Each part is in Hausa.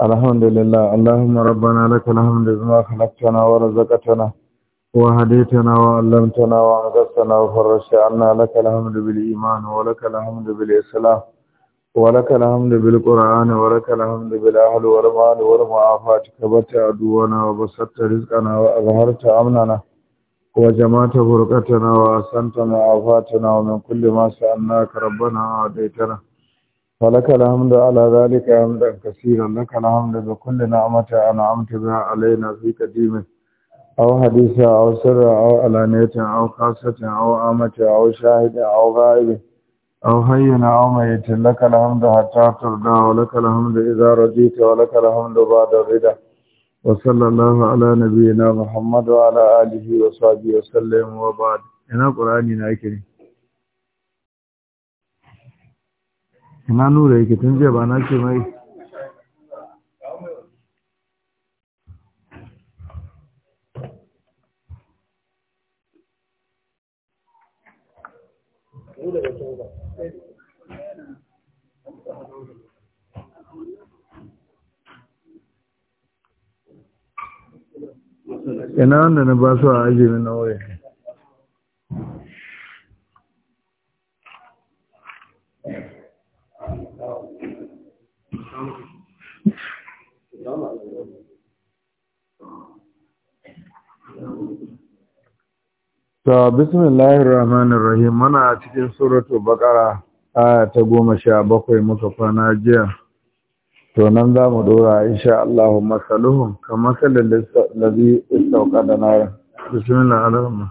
الحمد لله اللهم ربنا لك الحمد بما خلقتنا ورزقتنا وهديتنا وعلمتنا وعزتنا وفرشت عنا لك الحمد بالإيمان ولك الحمد بالإسلام ولك الحمد بالقرآن ولك الحمد بالأهل والمال والمعافاة كبرت عدونا وبسطت رزقنا وأظهرت أمننا وجمعت فرقتنا وأسنت معافاتنا ومن كل ما سألناك ربنا أعطيتنا فلك الحمد على ذلك حمدا كثيرا لك الحمد بكل نعمة أنعمت بها علينا في قديم أو حديث أو سر أو علانية أو خاصة أو عامة أو شاهد أو غائب أو حين أو ميت لك الحمد حتى ترضى ولك الحمد إذا رضيت ولك الحمد بعد الرضا وصلى الله على نبينا محمد وعلى آله وصحبه وسلم وبعد هنا قرآن na ina nura yake tun jiya na ce mai ina wanda na ba su a ajiye na wuri ta bismillahir rahmanir rahim muna cikin suratul baqara aya ta goma sha bakwai muka kwana jiya to nan za mu dora insha Allah masaluhum kamar sallallahu alaihi wasallam bismillahir rahmanir rahim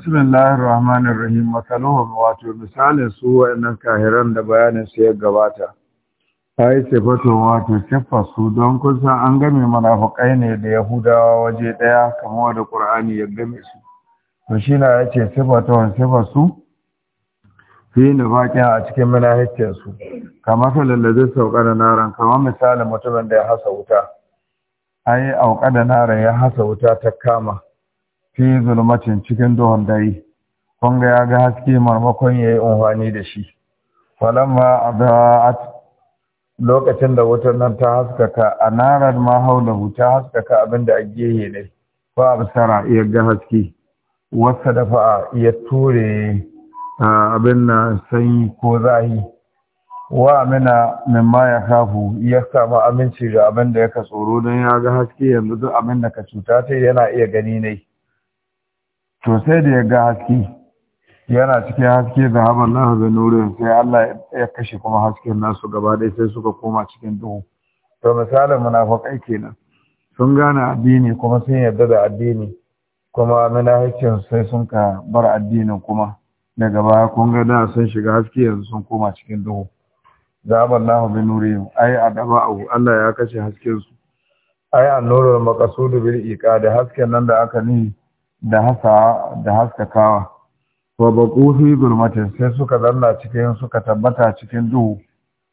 bismillahir rahmanir rahim mataluhum wato misalin su wa'annan kahiran da bayanin su ya gabata yi sifatu wato siffa su don kusa an game munafikai ne da yahudawa waje daya kamar da qur'ani ya game su to shi na yace sifatu siffa su fi nufaqin a cikin munafikin su kamar sauka da naran kamar misalin mutumin da ya hasa wuta auka da naran ya hasa wuta ta kama fi zulmatin cikin duhun dare kun ga ya ga haske marmakon ya yi unhwani da shi falamma adaat lokacin da wutar nan ta haskaka a narar ma haulahu ta haskaka abin da agehe ne fa absara ya ga haske wasa dafa ya ture abin na sanyi ko zahi wa amina ma ya kafu ya samu aminci ga abin da ya ka tsoro don ya ga haske yanzu duk abin da ka cuta ta yana iya gani ne to sai da ya ga haske yana cikin haske da haban na haɓe nurin sai Allah ya kashe kuma hasken nasu gaba ɗaya sai suka koma cikin duhu to misalin munafakai kenan sun gane addini kuma sun yarda da addini kuma manahicin sai sun ka bar addinin kuma daga baya kun ga da sun shiga haske yanzu sun koma cikin duhu zaɓar lahu haɓe ai a abu Allah ya kashe hasken su ai annurul makasudu bil iqad hasken nan da aka ni da hasa da haskakawa wa baqu gulmatin sai suka zanna cikin suka tabbata cikin duhu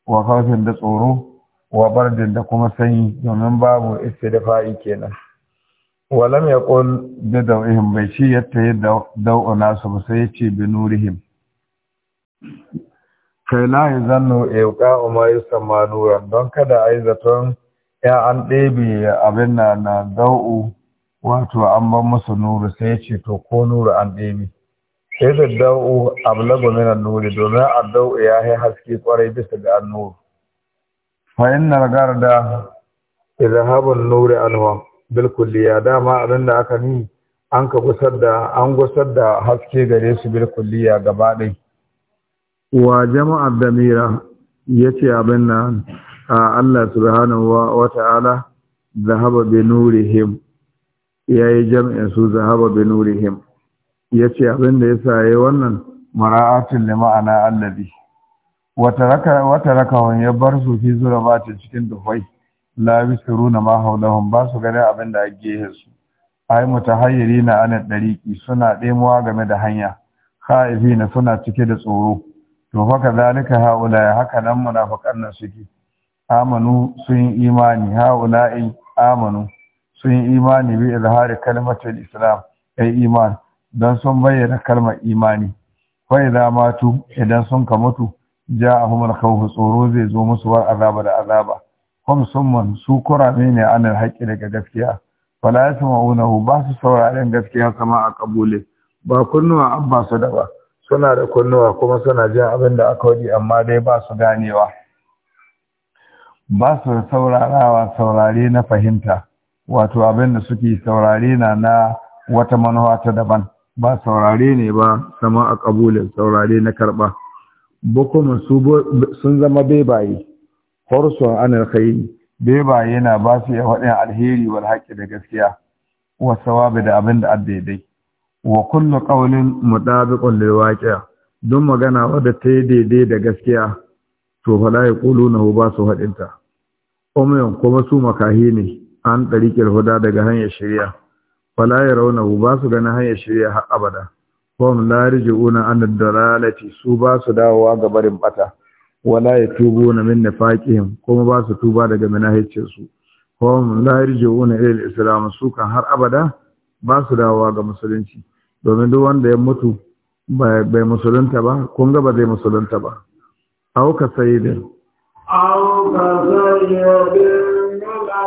wa kafin da tsoro wa bardin da kuma sanyi domin babu fa'i kenan walam yaqul da dawihim bai shi yatta yadda daw'u nasu ba sai yace bi nurihim kai la yazannu iqa ma yusamma don kada ai zaton ya an ɗebe abin na na daw'u wato an ban musu nuru sai ce to ko nuru an ɗebe sai da da'u ablagu min nuri domin dau'u ya yi haske kwarai bisa ga annuru fa inna ragarda izhabun nuri anwa bil dama abin da aka ni an ka gusar da an gusar da haske gare su bil kulliya gaba ɗai wa jama'ar damira yace abin nan Allah subhanahu wa ta'ala zahaba bi nurihim ya yi jam'in su zahaba bin nurihim ya ce abin da ya saye wannan mara'atun da ma'ana allabi wata rakawan ya bar su fi zura ta cikin dufai su runa ma ba su gani abin da ake su ai mutahayyiri na anan ɗariƙi suna ɗemuwa game da hanya ha'izi na suna cike da tsoro to haka zalika haula ya haka nan munafiqan nan suke amanu sun yi imani haula amanu sun yi imani bi izhari kalmatul islam ay iman don sun bayyana kalmar imani fa idza matu idan sun ka mutu ja'ahumul khawf tsoro zai zo musu war azaba da azaba hum summan su kurame ne anil haqqi daga gaskiya wala yasma'unahu ba su sauraren gaskiya kama a kabule ba kunnuwa abba su da ba suna da kunnuwa kuma suna jin abin da aka wadi amma dai ba su ganewa ba su saurarawa saurare na fahimta wato abin da suke saurare na na wata manuwa ta daban ba saurare ne ba sama a ƙabulin saurare na karɓa. bukumin sun zama bebaye horson an bebaye na ba su yi waɗin alheri wal haƙƙi da gaskiya Wasu wabi da abin da wa ƙaunin mu ɗabi lil waqi'a don magana wadda ta yi daidai da gaskiya to ƙulu na, hu ba su haɗinta kuma su makahi ne an ɗariƙar huda daga hanyar shirya wala ya rauna ba su ganin hanyar shirya har abada hum la yarji'una an dalalati su ba su dawowa ga barin bata wala ya na min nifaqihim kuma ba su tuba daga manahicin su hum la yarji'una ila islam su kan har abada ba su dawowa ga musulunci domin duk wanda ya mutu bai musulunta ba kun ga ba zai musulunta ba auka sayyidin auka sayyidin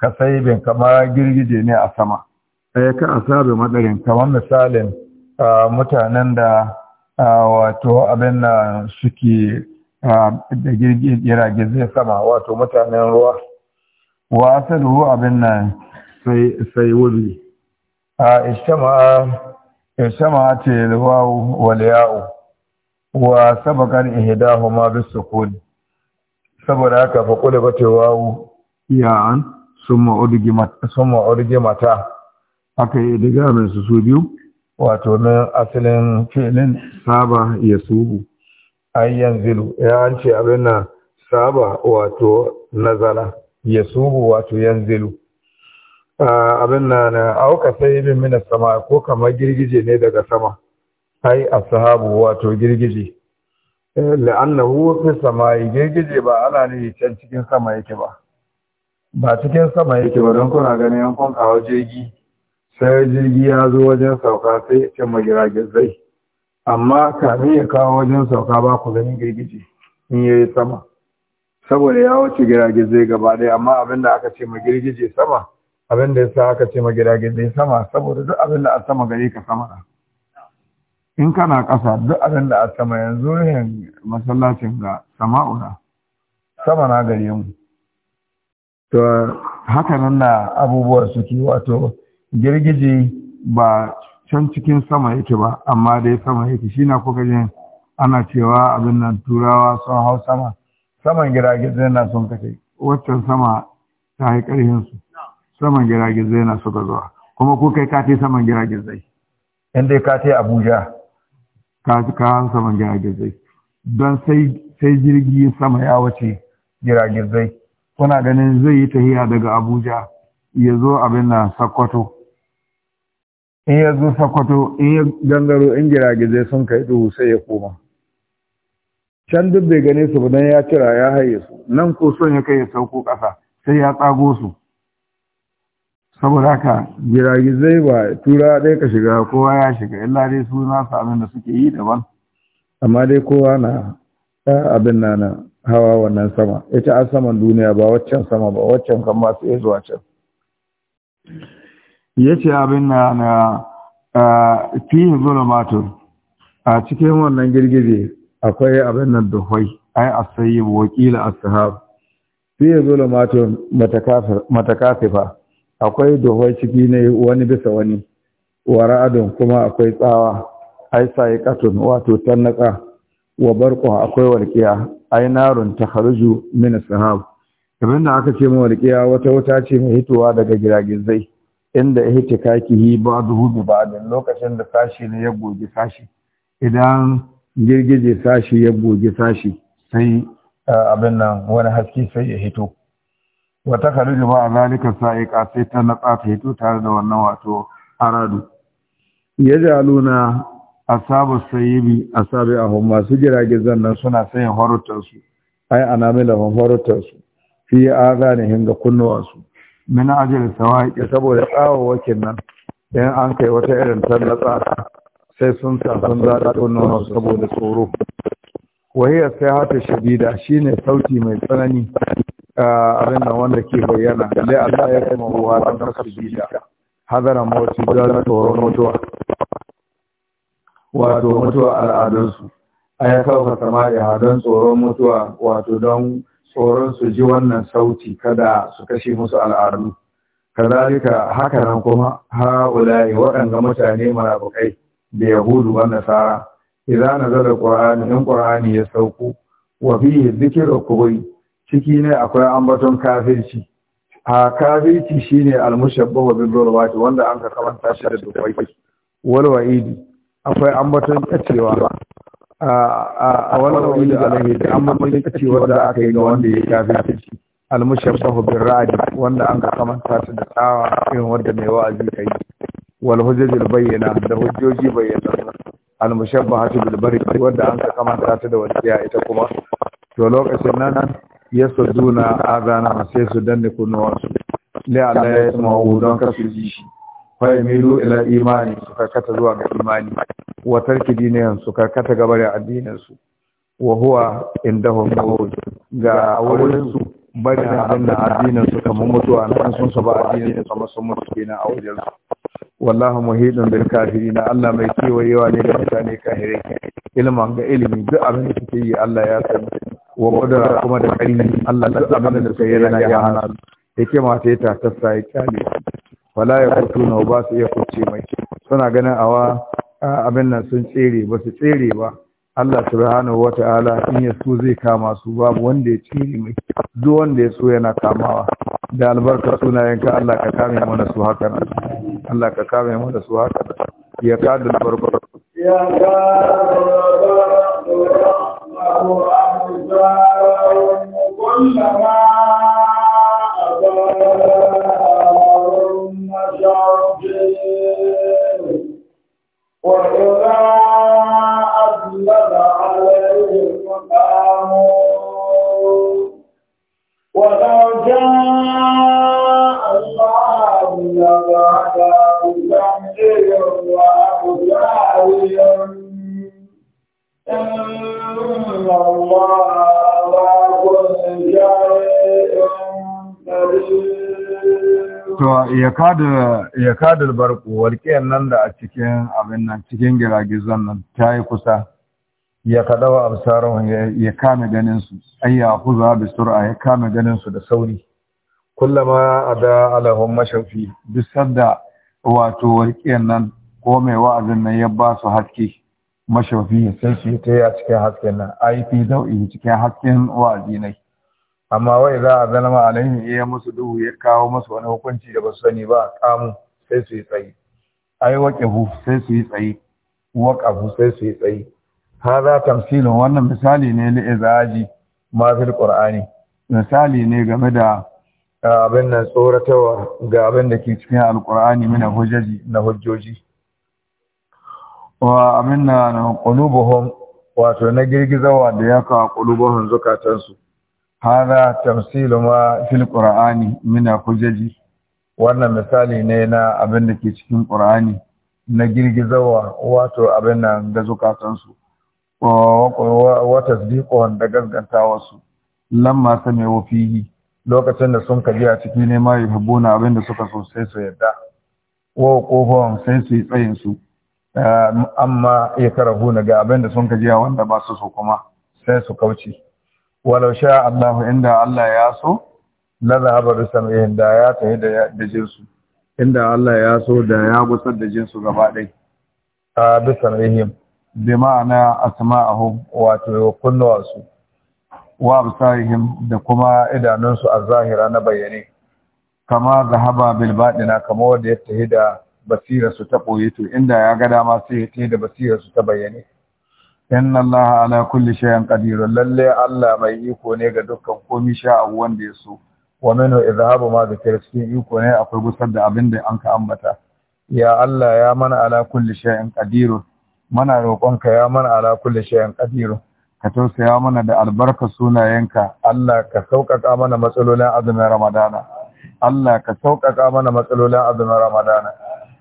ka saibin kama girgije ne a sama sai ka a asabi madarin kamar misalin mutanen da wato abin da suke da girgije zai sama wato mutanen ruwa wa ruwa abin nan sai sai wuri a ishama ce alwawu wal ya'u wa sabaqan ihdahuma bis sukun saboda haka fa qul batu wawu ya'an sun ma'urge mata aka yi digamin su su biyu wato na asalin filin saba ya suhu an yanzu ya an ce abin na saba wato Nazara, ya suhu wato yanzu abin na na auka sai bin mina sama ko kamar girgije ne daga sama ai a sahabu wato girgije eh, la'annahu fi samai girgije ba ana ne can cikin sama yake ba ba cikin sama yake ba don kuna ganin yankun kawo jirgi sai jirgi ya zo wajen sauka sai ya magira gizai, amma kamin ya kawo wajen sauka ba ku ganin girgije in ya yi sama saboda ya wuce gizai gaba ɗaya amma abin da aka ce ma girgije sama abin da ya sa aka ce ma gizai sama saboda duk abin da a sama gare ka sama na in kana ƙasa duk abin da a sama yanzu yin masallacin ga sama'una sama na gare mu to haka nan na abubuwa suke wato girgiji ba can cikin sama yake ba amma dai sama yake shi na kuka jin ana cewa abin nan turawa sun hau sama saman giragizai na sun kace waccan sama ta yi ƙarfinsu saman giragizai na suka zuwa kuma ko kai kati saman giragizai inda ka kati abuja ka ka saman giragizai don sai jirgi sama ya wuce giragizai kuna ganin zai yi tahiya daga abuja ya zo abin na sakwato in ya zo sakwato in ya gangaro in giragizai sun kai duhu sai ya koma can duk bai gane su dan ya kira ya haye su nan ko son ya kai ya sauko ƙasa sai ya tsago su saboda haka giragizai ba tura ɗaya ka shiga kowa ya shiga illa dai su nasu abin da suke yi daban amma dai kowa na abin na hawa wannan sama ita a saman duniya ba waccan sama ba waccan kan masu iya zuwa can ya ce abin na na fiye zulumatun a cikin wannan girgije akwai abin nan duhwai ai a sayi wakila ashab fiye zulumatun matakafifa akwai duhwai ciki ne wani bisa wani wara'adun kuma akwai tsawa ai katon wato tannaka wa barko akwai walƙiya. ai narun takhruju min as-sahab kamar da aka ce mawa riqiya wata wata ce mai hitowa daga giragizai inda ihtikakihi ba'dahu bi ba'din lokacin da sashi ne ya goge sashi idan girgije sashi ya goge sashi sai abin nan wani haske sai ya hito wata kharuju ba zalika sa'iqa sai ta natsa ta hito tare da wannan wato aradu yajaluna asabu sayibi asabi ahum masu jiragizan nan suna sayin horutarsu ai anamilahum horutarsu fi hinga ga kunnuwansu min ajal sawaqi saboda tsawawakin nan idan an kai wata irin tallata sai sun sa sun zada kunnuwa saboda tsoro wahiyar sai hata shadida shine sauti mai tsanani abin da wanda ke bayyana lai Allah ya kai mabuwa don kasar jida hadara mawacin da tsoron mutuwa wato mutuwa al'adunsu a ya kawo samariya don tsoron mutuwa wato don tsoron su ji wannan sauti kada su kashe musu al'adu kazalika haka nan kuma ha'ula'i waɗanda mutane marabukai da yahudu ba nasara idan nazala qur'ani in qur'ani ya sauko wa fihi dhikru kubri ciki ne akwai ambaton kafirci a kafirci shine al-mushabbahu bil wanda an ka kamanta shi da dubai wal wa'idi akwai ambaton kacewa a wannan wani da alaihi da ambaton kacewa da aka yi ga wanda ya gafi shi almushabbahu bin ra'adi wanda an ka kamanta ta da tsawa irin wanda mai wa'azi kai wal hujjajul bayyana da hujjoji bayyana almushabbahatu bil bari wanda an ka kamanta ta da wani ya ita kuma to lokacin nan ya a azana sai su danne Allah ya yi yasma'u don kasu ji shi fa ila imani su karkata zuwa ga imani wa tarki su karkata gaba da addinin su wa huwa indahum mawj ga wurin bari da abin da addinin su kamar mutuwa nan sun saba addinin su kamar sun mutu kenan a wajen su wallahu muhidun bil kafirin Allah mai kewayewa ne da mutane kafirai ilman ga ilimi duk abin da suke yi Allah ya san wa kudura kuma da kalmi Allah duk abin da suke yi yana ya hana hikima ta yi ta ya kyale wala ya na ba su iya kuce mai suna ganin awa abin nan sun tsere ba su tsere ba Allah subhanahu Ta'ala in ya so zai kama su babu wanda ya tsere mai duk wanda ya so yana kamawa da albarka suna yanka Allah ka kame mana su haka Allah ka kame mana su haka ya kada barbar ya kada albarka وإذا أذلل عليهم قاموا ولو جاء الله لبعد بجمعهم وأبجعهم إن الله على كل شيء to ya kada ya kada nan da a cikin abin nan cikin giragizan nan ta yi kusa ya kada wa absarahun ya kame ganin su ayya huza bi sur'a ya kame ganin su da sauri kullama ada alahum mashafi duk sanda wato walƙiyar nan ko mai wa'azin nan ya ba su haske mashafi sai shi ta a cikin hasken nan ai fi dau'i cikin hasken wa'azi nai amma wai za a zalama alaihim iya musu duhu ya kawo musu wani hukunci da ba su sani ba kamu sai su yi tsayi ai waqifu sai su yi tsayi waqafu sai su yi tsayi hada tamsilun wannan misali ne li izaji ma fil qur'ani misali ne game da abin nan tsoratawa ga abin da ke cikin alqur'ani mina hujaji na hujjoji wa amanna na qulubuhum wato na girgizawa da ya kawo qulubuhum zukatansu Hana tafsilu ma fil qur'ani min hujaji wannan misali ne na abin da ke cikin qur'ani na girgizawa wato abin nan da zukatan su wa da gaskantawa su lamma sami'u fihi lokacin da sun kaji a ciki ne ma yuhibbuna abin da suka so sai su yadda wa qofon sai su yi tsayin su amma ya karahuna ga abin da sun kaji wanda ba su so kuma sai su kauce walau sha Allah inda Allah ya so Na zahabar da ya yi da jinsu inda Allah ya so da ya gusar da jinsu gaba ɗai a bi sam'ihim bi ma'ana asma'ahum wato su wa absarihim da kuma idanunsu a zahira na bayyane kama zahaba bilbaɗina na kama wadda ya tahi da basirarsu ta ɓoye to inda ya ga dama sai ya yi da basirarsu ta bayyane inna allaha ala kulli shay'in qadir lalle allah mai iko ne ga dukkan komai sha wanda ya so wa minhu idhabu ma da cikin iko ne akwai gusar da abin da an ka ambata ya allah ya mana ala kulli shay'in qadir mana roƙonka ya mana ala kulli shay'in qadir ka tausaya mana da albarka sunayenka allah ka sauƙaƙa mana matsalolin azumin ramadana allah ka sauƙaƙa mana matsalolin azumin ramadana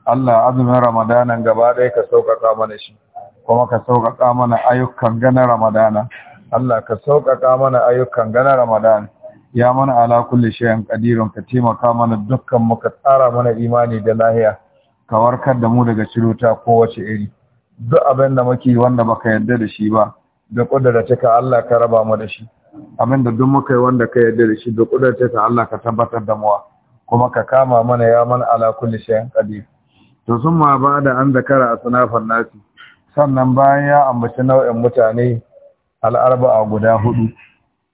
allah azumin ramadana gaba ɗaya ka sauƙaƙa mana shi kuma ka sauƙaƙa mana ayyukan gana ramadana Allah ka sauƙaƙa mana ayyukan gana ramadana ya mana ala kulli shay'in ka taimaka mana dukkan muka ka tsara mana imani da lahiya ka warkar da mu daga ciruta kowace iri duk abin da muke wanda baka yarda da shi ba da kudartaka Allah ka raba mu da shi abin da duk muka yi wanda ka yarda da shi da kudartaka Allah ka tabbatar da mu kuma ka kama mana ya mana ala kulli shay'in qadir to ba ba'da an zakara asnafan nasi sannan bayan ya ambaci nau'in mutane a guda hudu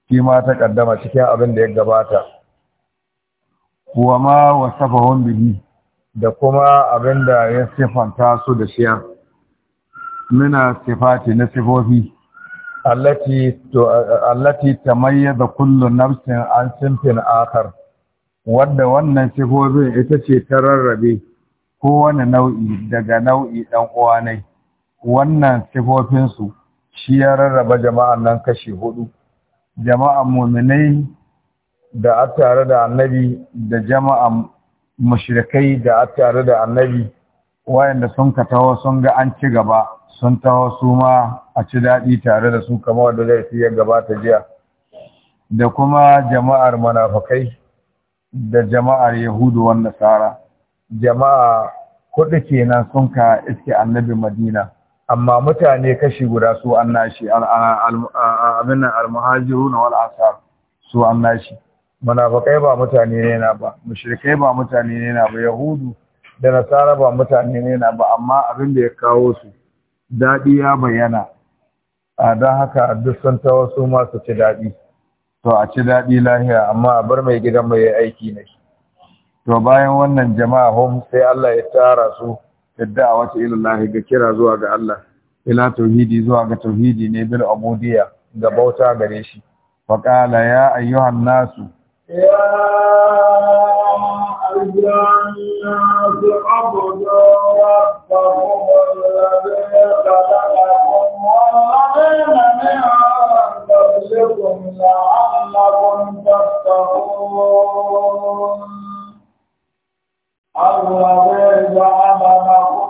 shi ma ta kaddama cikin abin da ya gabata Kuwa ma wasafahum bihi da kuma abin da ya sifanta su da shiya nuna sifati na sifofi allati mayar da kullum nafsin an simfin akar Wadda wannan siffofin ita ce ta rarrabe kowane nau'i daga nau'i ɗan uwa ne wannan sifofinsu shi ya rarraba jama'an nan kashi hudu jama'an muminai da a tare da annabi da jama'an mushrikai da a tare da annabi wayanda sun ka taho sun ga an ci gaba sun taho su ma a ci daɗi tare da su kamar da zai ya gabata jiya da kuma jama'ar Manafakai da jama'ar yahudu wanda nasara jama'a kuɗi kenan sun ka iske annabi madina amma mutane kashi guda su an nashi abin almuhajiru na wal asar su an nashi munafikai ba mutane ne na ba mushrikai ba mutane ne na ba yahudu da nasara ba mutane ne na ba amma abin da ya kawo su daɗi ya bayyana a da haka duk sun ta wasu masu ci daɗi to a ci daɗi lahiya amma a bar mai gidan mai aiki ne to bayan wannan jama'a hom sai Allah ya tara su idda wata ilallahi ga kira zuwa ga Allah ila tauhidi zuwa ga tauhidi ne bil ubudiyya ga bauta gare shi fa qala ya ayyuhan nasu ya ayyuhan nasu abudu rabbakum alladhi khalaqakum walladhina min qablikum la'allakum tattaqun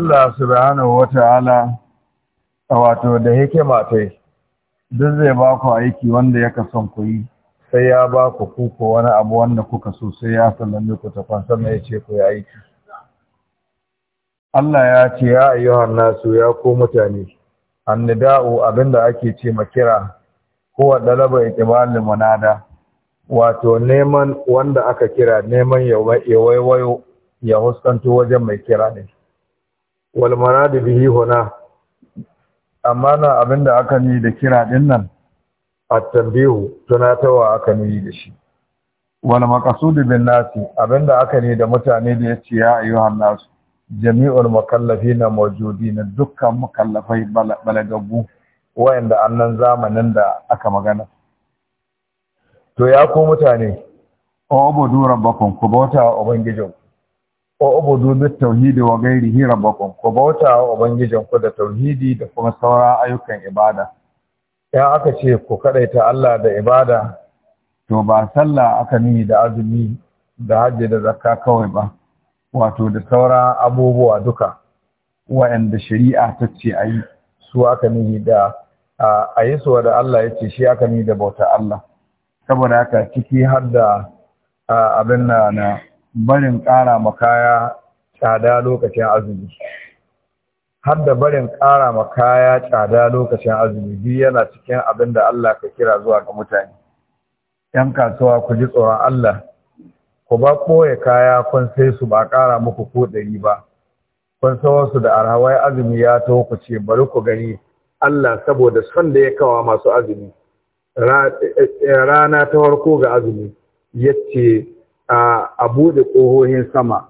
Allah subhanahu wata'ala wato da hikima tai duk zai ba ku aiki wanda ya son ku yi sai ya ba ku kuku wani abu wanda kuka so sai ya sallame ku ta kwantar na ya ce ku yi aiki Allah ya ce ya ayyuhan nasu ya ko mutane annida'u abinda ake ce makira huwa dalaba iqbalul munada wato neman wanda aka kira neman ya waiwayo ya huskanto wajen mai kira ne wal da bihi huna amma na abinda aka ni da kira din nan at-tanbihu tunatawa aka ni da shi wal maqsudu bin nasi abinda aka ni da mutane da yace ya ayyuhan nasu jami'ul mukallafina mawjudina dukkan mukallafai balagabu, wayanda annan zamanin da aka magana to ya ko mutane O budu rabbakum ku bauta wa ubangijinku wa ubudu bit tauhidi wa ghairihi rabbakum ku bauta wa ubangijin ku da tauhidi da kuma sauran ayyukan ibada ya aka ce ku kadaita Allah da ibada to ba sallah aka nuni da azumi da hajji da zakka kawai ba wato da sauran abubuwa duka wa'anda shari'a ta ce ayi su aka nuni da a yi suwa da Allah ya ce shi aka nuni da bauta Allah saboda haka ciki har da abin na barin ƙara makaya tsada lokacin azumi har da barin ƙara kaya tsada lokacin azumi biyu yana cikin abin da Allah ka kira zuwa ga mutane ‘yan kasuwa ku ji tsoron Allah ku ba koya kaya kun sai su ba ƙara muku ko ɗari ba kun wasu da arhawai azumi ya taho ku ce bari ku gani Allah saboda son da ya kawa masu azumi eh, eh, rana ta farko ga azumi yace a buɗe ƙohohin sama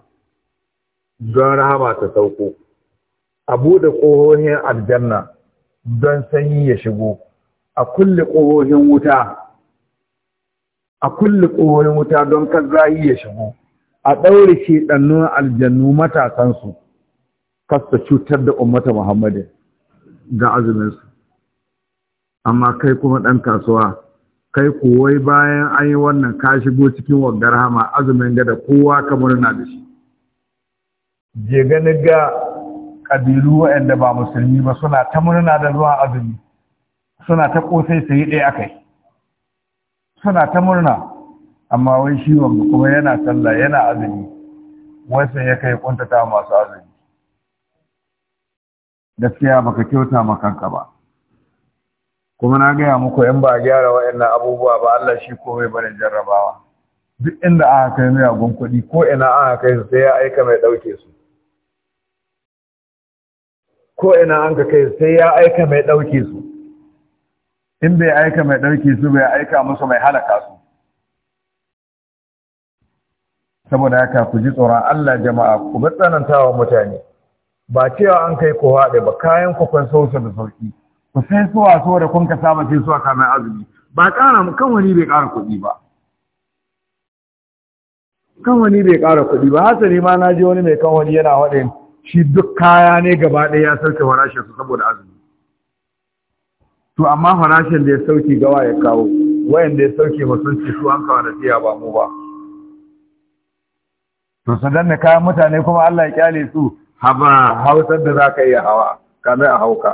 don rahama ta sauko a buɗe ƙohohin aljanna don sanyi ya shigo a kulle ƙohohin wuta a kulle ƙohohin wuta don kazzayi ya shigo a ɗaure ce ɗannun aljannu matasansu kasta cutar da ummata muhammadin ga azuminsu amma kai kuma ɗan kasuwa kai kowai bayan an yi wannan ka shigo cikin wangar hama azumin gada kowa ka murna da shi je gani ga ƙabilu waɗanda ba musulmi ba suna ta murna da zuwa azumi suna ta ƙosai sai ɗaya akai suna ta murna amma wai shi wanda kuma yana sallah yana azumi wasan ya kai kuntata masu azumi gaskiya baka kyauta ma ba kuma na gaya muku in ba a gyara waɗannan abubuwa ba Allah shi komai bane jarrabawa duk inda aka kai miyagun kuɗi ko ina aka kai su sai ya aika mai ɗauke su ko ina an ka kai sai ya aika mai ɗauke su in bai aika mai ɗauke su bai aika musu mai halaka su saboda haka ku ji tsoron Allah jama'a ku bi tsanantawa mutane ba cewa an kai ku haɗe ba kayan ku kun da sauki ku sai suwa so da kun ka saba sai suwa kamar azumi ba ƙara kan wani bai ƙara kuɗi ba kan wani bai ƙara kuɗi ba hasali ma na ji wani mai kan wani yana waɗin shi duk kaya ne gaba ɗaya ya sauke farashin su saboda azumi to amma farashin da ya sauke gawa ya kawo wayan da ya sauke ba sun ce su an kawo da tiya ba mu ba to su danna kayan mutane kuma Allah ya kyale su haba hausar da za ka iya hawa kamar a hauka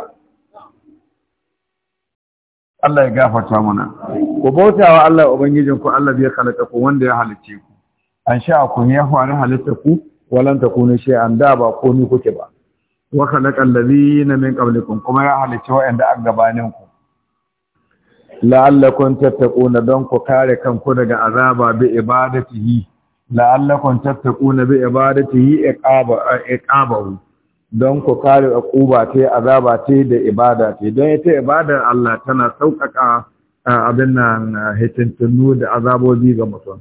Allah ya gafarta mana ku bauta wa Allah ubangijin ku Allah bai halitta ku wanda ya halice ku an sha ku ne ya fara halitta ku walan shi an da ba komai kuke ba wa khalaqal ladina min qablikum kuma ya halice wa'anda an gabanin ku la'allakum tattaquna don ku kare kanku daga azaba bi ibadatihi la'allakum tattaquna bi ibadatihi iqaba iqabahu don ku kare akuba ce azaba ce da ibada ce don ita ibadar Allah tana sauƙaƙa abin nan hitintunu da azabobi ga mutum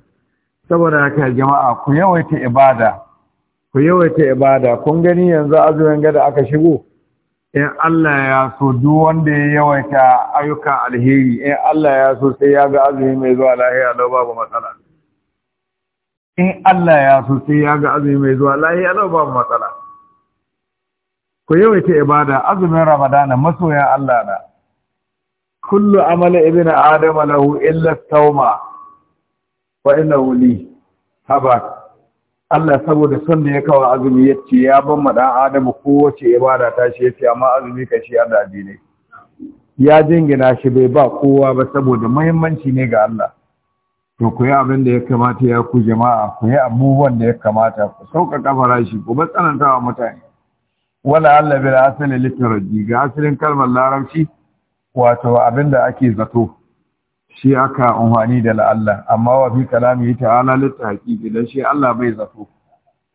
saboda haka jama'a ku yawaita ibada ku yawaita ibada kun gani yanzu azumin gada aka shigo in Allah ya so duk wanda ya yawaita ayyukan alheri in Allah ya so sai ya ga azumi mai zuwa lahiya lau babu matsala in Allah ya so sai ya ga azumi mai zuwa lahiya lau babu matsala ku yawaita ibada azumin ramadana masoyan Allah na kullu amala ibn adama lahu illa tawma wa inna li haba Allah saboda son da ya kawo azumi yace ya ban mu dan adamu kowace ibada ta shi yace amma azumi kan shi Allah ne ya jingina shi bai ba kowa ba saboda muhimmanci ne ga Allah to ku yi abin da ya kamata ya ku jama'a ku yi abubuwan da ya kamata ku sauƙaƙa shi ku ba wa mutane wala Allah bil asali litaraji ga asalin kalmar larabci wato abinda ake zato shi aka umarni da la'alla amma wa fi kalami ta'ala litahqiqi dan shi Allah bai zato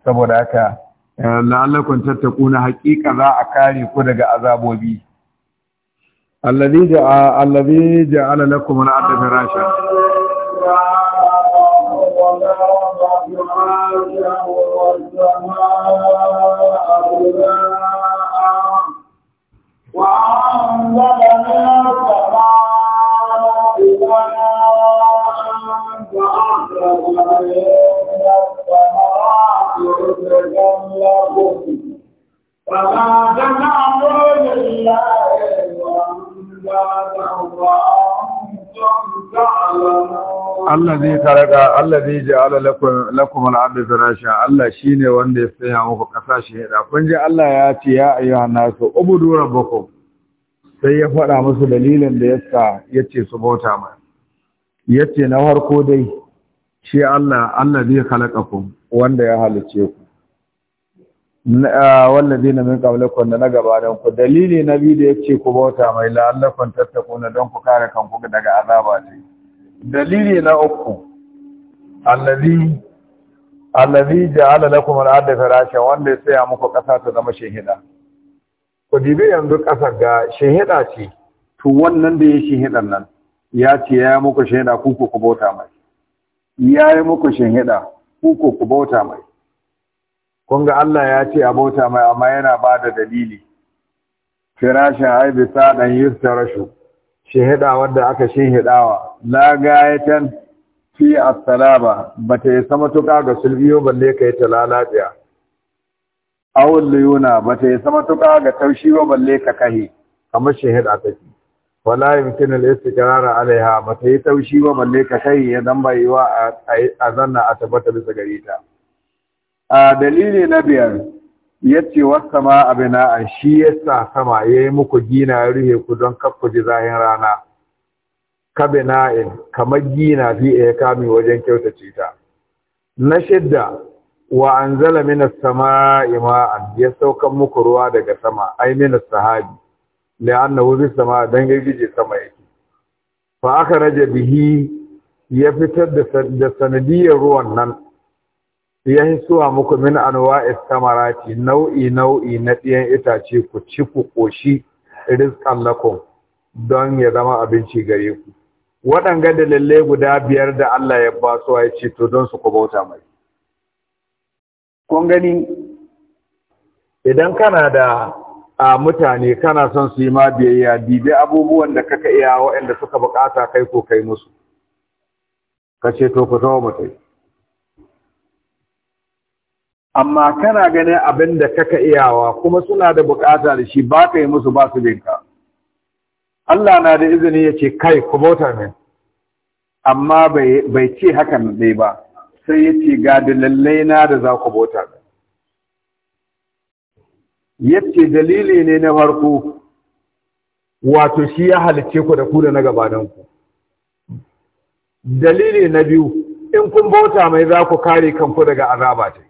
saboda haka eh, tattaku na haƙiƙa za a kare ku daga azabobi alladhi ja'a alladhi ja'ala lakum al-ardha Allah zai karaka, Allah zai ji ala lakumar Allah Allah shi ne wanda ya tsaya muku ƙasashe ya ɗakun ji Allah ya ce ya ayyuwa nasu, ubudura baku sai ya faɗa musu dalilin da ya sa ya ce su bauta mai. Ya ce na harko dai, shi Allah Allah zai halakakum wanda ya halice ku wallazina min qablikum da na gabanin ku dalili na biyu da yake ku bauta mai la'allakum na don ku kare kanku daga azaba ne dalili na uku allazi allazi ja'ala lakum al-ardha firashan wanda ya saya muku kasa ta zama shehida ku dibe yanzu kasar ga shehida ce to wannan da ya shehidan nan ya ce ya muku shehida ku ku bauta mai ya yi muku shinhiɗa ku ku bauta mai kun ga Allah ya ce a bauta mai amma yana ba da dalili firashin haibi yi ta rashu shihida wanda aka shihidawa lagayatan fi as-salaba ta yi sama tuka ga sulbiyo balle yi ta lalabiya awul liyuna ta yi sama tuka ga taushi ba balle ka kahi kamar shihida take wala yumkin al-istiqrar alaiha ba yi taushi ba balle ka kai ya dan bai wa a zanna a tabbata bisa gare ta a dalili na biyar yace sama abina an shi yasa sama yayi muku gina ruhe ku don kakku ji zahin rana kabina'in kamar gina fi ya kame wajen kyautace ta na shidda wa anzala minas sama'i ma'an ya saukan muku ruwa daga sama ai minas sahabi la'annahu wuri sama dan girgije sama yake fa aka raja bihi ya fitar da sanadiyar ruwan nan ya a muku min anwai samarati nau'i nau'i na ɗiyan itace ku ci ku koshi rizqan lakum don ya zama abinci gare ku waɗanga da lalle guda biyar da Allah ya ba su ya ce to don su ku bauta mai kun gani idan kana da a mutane kana son su yi ma biyayya bibi abubuwan da kaka iya waɗanda suka bukata kai ko kai musu ka ce to ku mu kai. amma kana ganin abin da kaka iyawa kuma suna da bukata da shi ba ka musu ba su binka Allah na da izini ya ce kai ku bauta min amma bai ce hakan dai ba sai ya ce ga dalilai na da za ku bauta min yace dalili ne na farko wato shi ya halicce ku da ku da na ku dalili na biyu in kun bauta mai za ku kare kanku daga azaba ta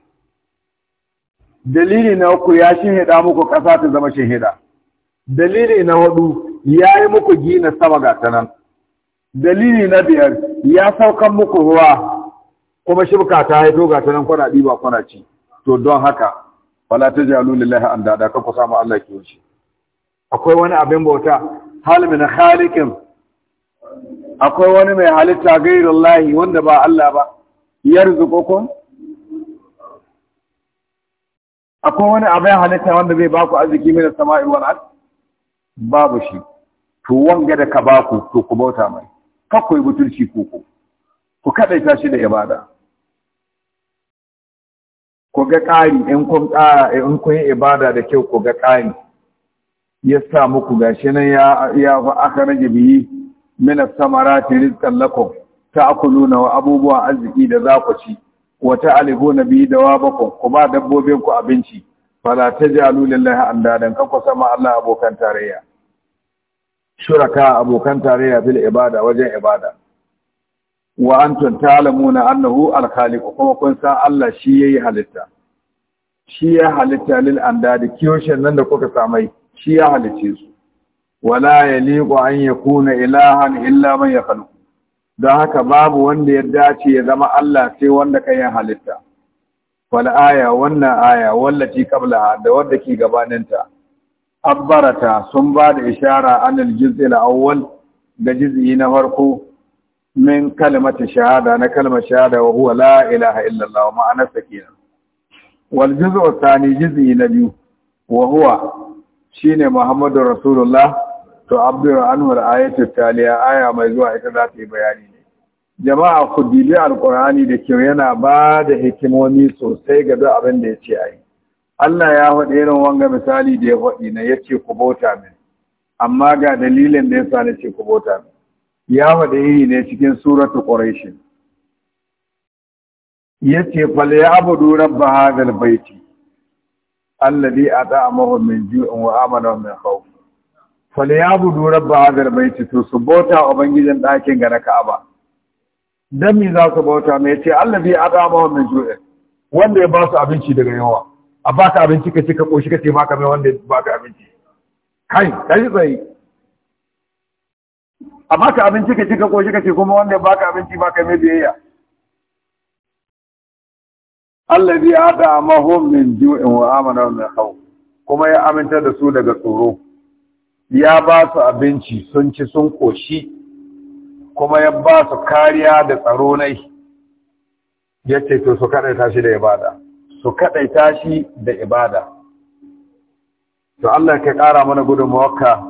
dalili na uku ya shehida muku ƙasa ta zama shehida dalili na hudu ya yi muku gina sama ga ta dalili na biyar ya saukan muku ruwa kuma shibka ta haito ga tanan kwana ɗiba kwana ci to don haka wala ta tajalu lillahi dada ka ku samu Allah ki wuce akwai wani abin bauta hal min khaliqin akwai wani mai halitta gairullahi wanda ba Allah ba yarzuqukum akwai wani abin halitta wanda zai baku arziki min sama'i wal ard babu shi to wanga da ka baku to ku bauta mai kakkoi butulci ku ku ku kadaita shi da ibada ku ga ƙari in kun ƙara in kun yi ibada da kyau ku ga ƙari ya sa muku gashi nan ya ya fa aka rage biyi mina samarati rizqan lakum ta'kuluna wa abubuwa arziki da za ku ci wa ta'alihuna bihi dawabakum ku ba dabbobin ku abinci fala tajalu lillahi andadan kanku sama Allah abokan tarayya shuraka abokan tarayya bil ibada wajen ibada wa antum ta'lamuna annahu al-khaliq kuma kun san Allah shi yayi halitta shi ya halitta lil andadi kiyoshin nan da kuka samai shi ya halice su wala yaliqu an yakuna ilahan illa man yakhluq dan haka babu wanda ya dace ya zama Allah sai wanda kan halitta wal aya wannan aya wallati kabla da wanda ke gabaninta abbarata sun ba da ishara anil juz'il awwal ga juz'i na farko min kalimata shahada na kalmar shahada wa huwa la ilaha illallah wa ma'anarsa kenan wal juz'u thani juz'i na biyu Wahuwa huwa shine Muhammadu rasulullah to abdur anhu taliya aya mai zuwa ita za ta yi bayani ne jama'a ku dibi alqur'ani da kyau yana ba da hikimomi sosai ga duk abin da ya yace ai Allah ya faɗi irin wanga misali da ya faɗi na yace ku bauta min amma ga dalilin da ya yasa nace ku bauta min ya wada yi ne cikin suratu quraish yace fal ya'budu Allah hadhal baiti alladhi at'amahu min ju'in wa amana min khawf fal ya'budu rabb hadhal baiti to su bauta ubangijin dakin ga na Ka'aba dan me za su bauta mai ce alladhi at'amahu min ju'in wanda ya ba su abinci daga yawa a baka abinci ka ce ka koshi ka ce baka mai wanda baka abinci kai kai tsaye amma ka abinci ka cika koshi ka ce kuma wanda ba ka abinci ba ka mai biyayya Allah ya hada mahum min ju'in wa amana min khawf kuma ya aminta da su daga tsoro ya ba su abinci sun ci sun koshi kuma ya ba su kariya da tsaro nai ya ce to su kaɗaita shi da ibada su kaɗaita shi da ibada to Allah ka ƙara mana gudunmawarka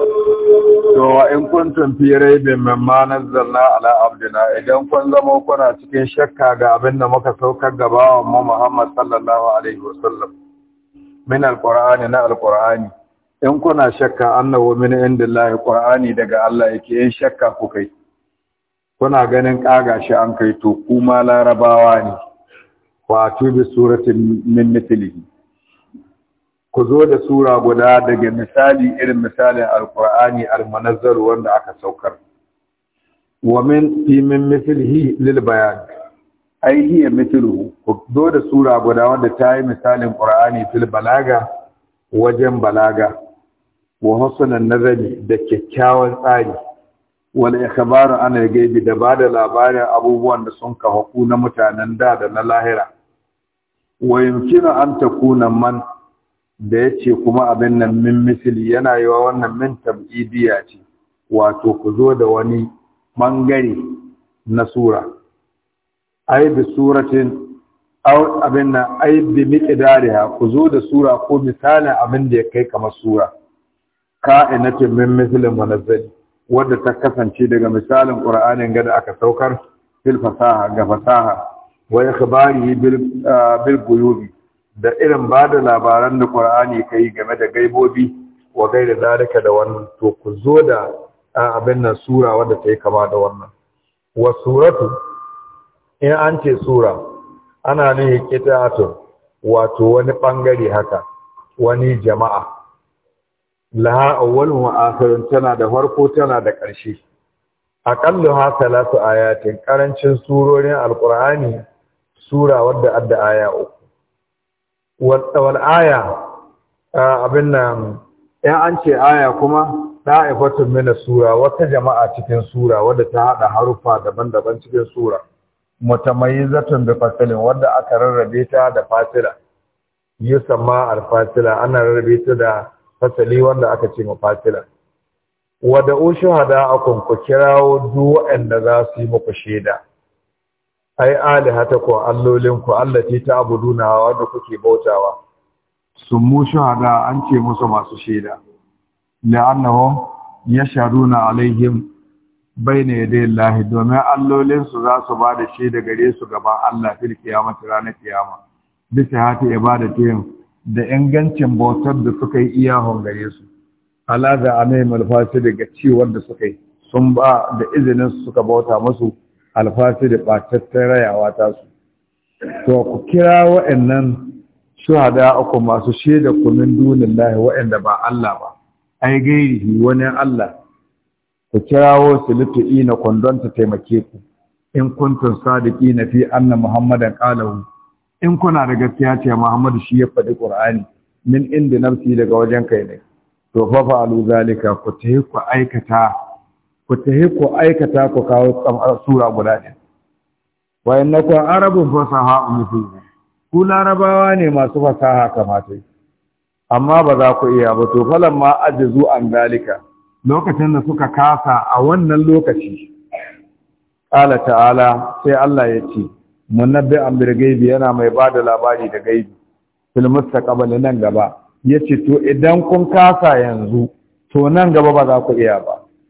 to in kuntum fi raibin mimma nazzalna ala abdina idan kun zama kuna cikin shakka ga abin da muka saukar ga bawan mu Muhammad sallallahu alaihi wasallam min alqur'ani na alqur'ani in kuna shakka annahu min indillahi qur'ani daga Allah yake in shakka ku kai kuna ganin kaga shi an kai to kuma larabawa ne Ku bi suratin min mithlihi ku zo da sura guda daga misali irin misalin alqur'ani almanazzar wanda aka saukar wa min fi min mithlihi lil bayan ai hiya mithluhu ku zo da sura guda wanda ta yi misalin qur'ani fil balaga wajen balaga wa husnan nazari da kyakkyawan tsari wal ikhbaru an al gaybi da bada labarin abubuwan da sun kafaku na mutanen da da na lahira wa yumkinu an takuna man da ya ce kuma abin nan min misili yana yi wa wannan min tab'idiyya ce wato ku zo da wani ɓangare na sura ai bi suratin abin nan ai bi ku zo da sura ko misalin abin da ya kai kamar sura ka'inatin min misilin munazzali wadda ta kasance daga misalin ƙur'anin gada aka saukar fil fasaha ga fasaha wa ikhbarihi bil ah, bil da irin ba da labaran da ƙur'ani ka yi game da gaibobi wa gaira zarika da wannan to ku zo da abin nan sura wadda ta yi kama da wannan wa suratu in an ce sura ana nuhi kitatun wato wani ɓangare haka wani jama'a laha awwalun wa akhirun tana da farko tana da ƙarshe aqallu ha salatu ayatin karancin surorin Alƙur'ani sura wadda adda aya uku wal aya abin nan ya an ce aya kuma da'ifatun mina sura wata jama'a cikin sura wadda ta haɗa harufa daban-daban cikin sura zaton da fasilin wadda aka rarrabe ta da fasila yusamma al-fasila ana rarrabe ta da fasali wanda aka ce ma fasila ushu hada akon ku kirawo duk waɗanda za su yi muku shaida ai ta allolinku allati ta'buduna da kuke bautawa sun mu shahada an ce musu masu shaida la'annahum yashhaduna alaihim bayna yaday Allah domin allolin su za su bada shaida gare su gaban Allah fil kiyamati ranar kiyama bisa hati ibadatin da ingancin bautar da suka yi iyahon gare su alaza amai malfasi daga ciwon da suka yi sun ba da izinin suka bauta musu alfasi da ɓatattun rayawa ta su to ku kira wa'annan shuhada uku masu shaida kunin dunin lahi wa'anda ba Allah ba ai gairihi wani Allah ku kirawo su litu'i na kwandon ta taimake ku in sadiki na fi anna muhammadan qalahu in kuna da gaskiya ce muhammadu shi ya faɗi qur'ani min inda nafsi daga wajen kai ne to fa fa'alu zalika ku tayi ku aikata ku tafi ku aikata ku kawo sura guda ɗin arabin innakum arabun fasaha ne ku larabawa ne masu fasaha kamata amma ba za ku iya ba to ma ajizu an dalika lokacin da suka kasa a wannan lokaci ƙala ta'ala sai Allah ya ce munabbi an birgaibi yana mai ba da labari da gaibi filmus kabali nan gaba ya ce to idan kun kasa yanzu to nan gaba ba za ku iya ba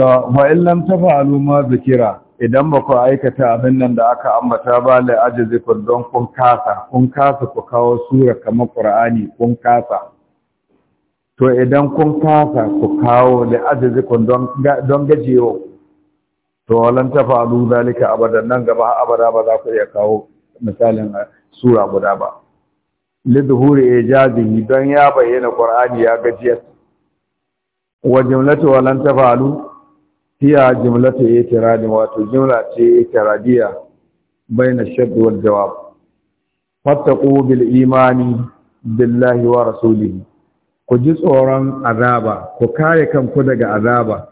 to wa lam tafa'alu ma zikira idan ba ku aikata abin nan da aka ambata ba la kun don kun kasa kun kasa ku kawo sura kamar qur'ani kun kasa to idan kun kasa ku kawo ajzi kun don gajewa to wa tafa alu zalika abadan nan gaba abada ba za ku iya kawo misalin eh, sura guda ba lidhuri ijazihi don ya bayyana qur'ani ya gajiyar wa jumlatu wa lam alu hiya yi itiradi wato jumla ce itiradiya baina shadd wal jawab Fattaku, bil imani billahi wa rasulihi ku ji tsoron azaba ku kare kanku daga azaba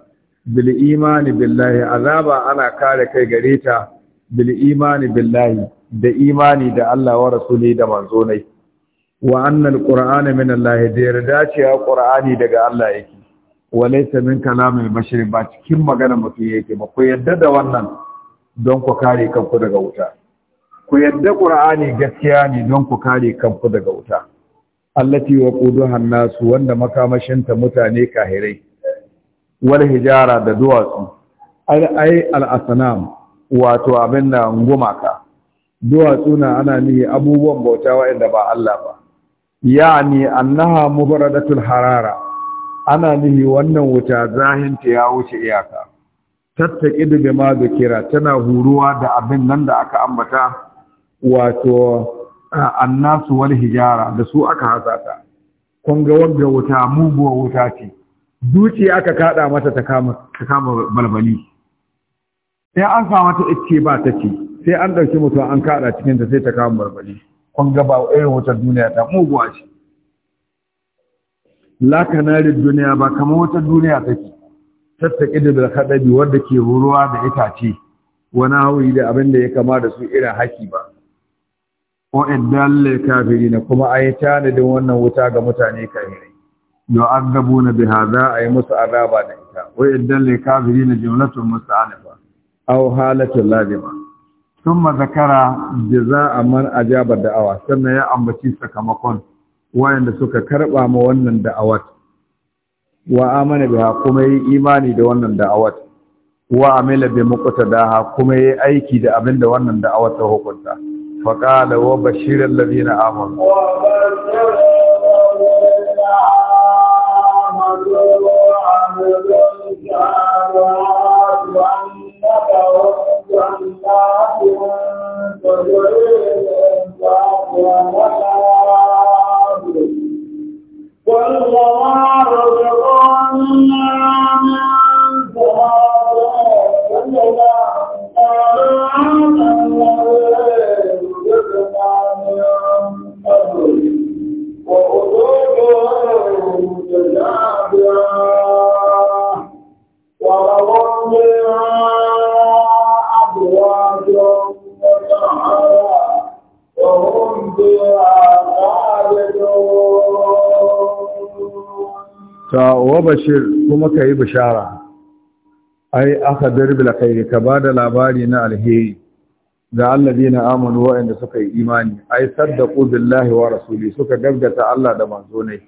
bil imani billahi azaba ana kare kai gare ta bil imani billahi da imani da Allah wa rasuli da manzonai. ne wa annal qur'ana min Allah da yarda ce qur'ani daga Allah yake walaisa min kalamin bashir ba cikin magana mutum yake ba ku yadda da wannan don ku kare kanku daga wuta ku yadda qur'ani gaskiya ne don ku kare kanku daga wuta allati waquduha nasu wanda makamashinta mutane kahirai wal hijara da duwatsu ai al asnam wato abin da ngumaka. duwatsu na ana ni abubuwan bauta wa'anda ba Allah ba yani annaha mubaradatul harara ana nihi wannan wuta zahinta ya wuce iyaka tattaki da da kira tana huruwa da abin nan da aka ambata wato annasu wal hijara da su aka hasata kun ga wanda wuta muguwa wuta ce duci aka kada mata ta kama balbali sai an sa mata ice ba ta ce sai an dauki mutum an kada cikin ta sai ta kama balbali kun ga ba irin wutar duniya ta muguwa ce la duniya ba kamar wata duniya take tattaki da kadabi wanda ke ruwa da itace wani hawi da abin da ya kama da su irin haki ba ko kafiri kafirina kuma ayi tanadin wannan wuta ga mutane kafirai na biha za a yi musu azaba da ita wa iddalle kafirina jumlatun musta'anifa aw halatun lazima thumma zakara a man ajaba da'awa sannan ya ambaci sakamakon wayanda suka karba ma wannan da'awat wa amana biha kuma yi imani da wannan da'awat wa amila bi muqtadaha kuma yi aiki da abin da wannan da'awat ta hukunta fa qala wa bashir alladhina amanu Thank you. 滚火啊！ta wa bashir kuma ka yi bishara ai aka darbila kai ka ba da labari na alheri ga na amanu wa'anda suka yi imani ai saddaqu billahi wa rasuli suka gaggata Allah da manzo ne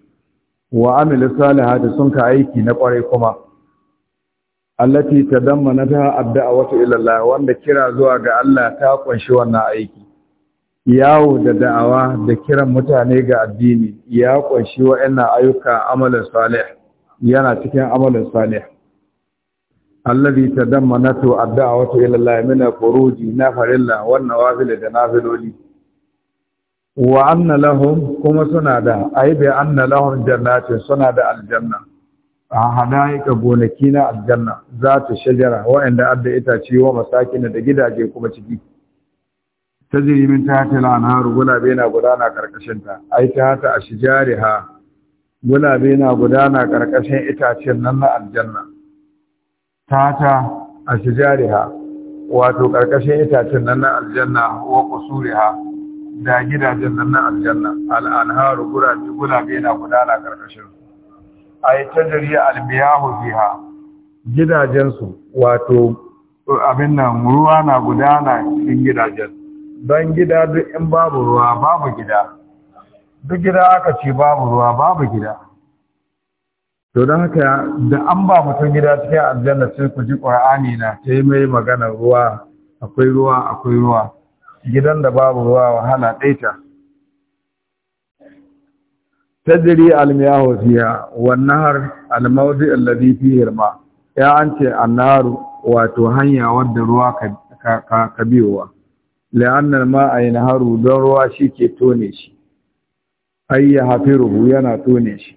wa amilu salihati sun ka aiki na kwarai kuma allati ta ad-da'watu ila Allah wanda kira zuwa ga Allah ta kunshi wannan aiki yawo da da'awa da kiran mutane ga addini ya ƙunshi wa'annan ayyuka amalin salih yana cikin amalin salih alladhi tadammanatu ad-da'watu ila Allah min al-furuji nafarilla wan nawafil da nafiloli wa anna lahum kuma suna da aibe anna lahum jannatin suna da aljanna a hadaika gonaki na aljanna zata ta shajara wa'anda adda ce, wa masakin da gidaje kuma ciki tajri min tahtiha al-anhar gulabe na gudana karkashin ta ai ta hata ashjariha gulabe na gudana karkashin itacen nan na aljanna ta hata ashjariha wato karkashin itacen nan na aljanna wa qusuriha da gidajen nan na aljanna al-anhar gulabe na gudana karkashin su ai tajri al-biyahu fiha gidajen su wato abin nan ruwa na gudana cikin gidajen don gida duk in babu ruwa babu gida duk gida aka ce babu ruwa babu gida to don haka da an ba mutum gida cikin aljanna sai ku ji ƙwar'ani na ta yi mai magana ruwa akwai ruwa akwai ruwa gidan da babu ruwa wahala ɗaita tajiri almiyahu fiya wan nahar almawdi alladhi fihi alma ya ance annaru wato hanya wadda ruwa ka ka, ka biyowa la'annar ma'a yana haru don ruwa shi ke tone shi hafi ruhu yana tone shi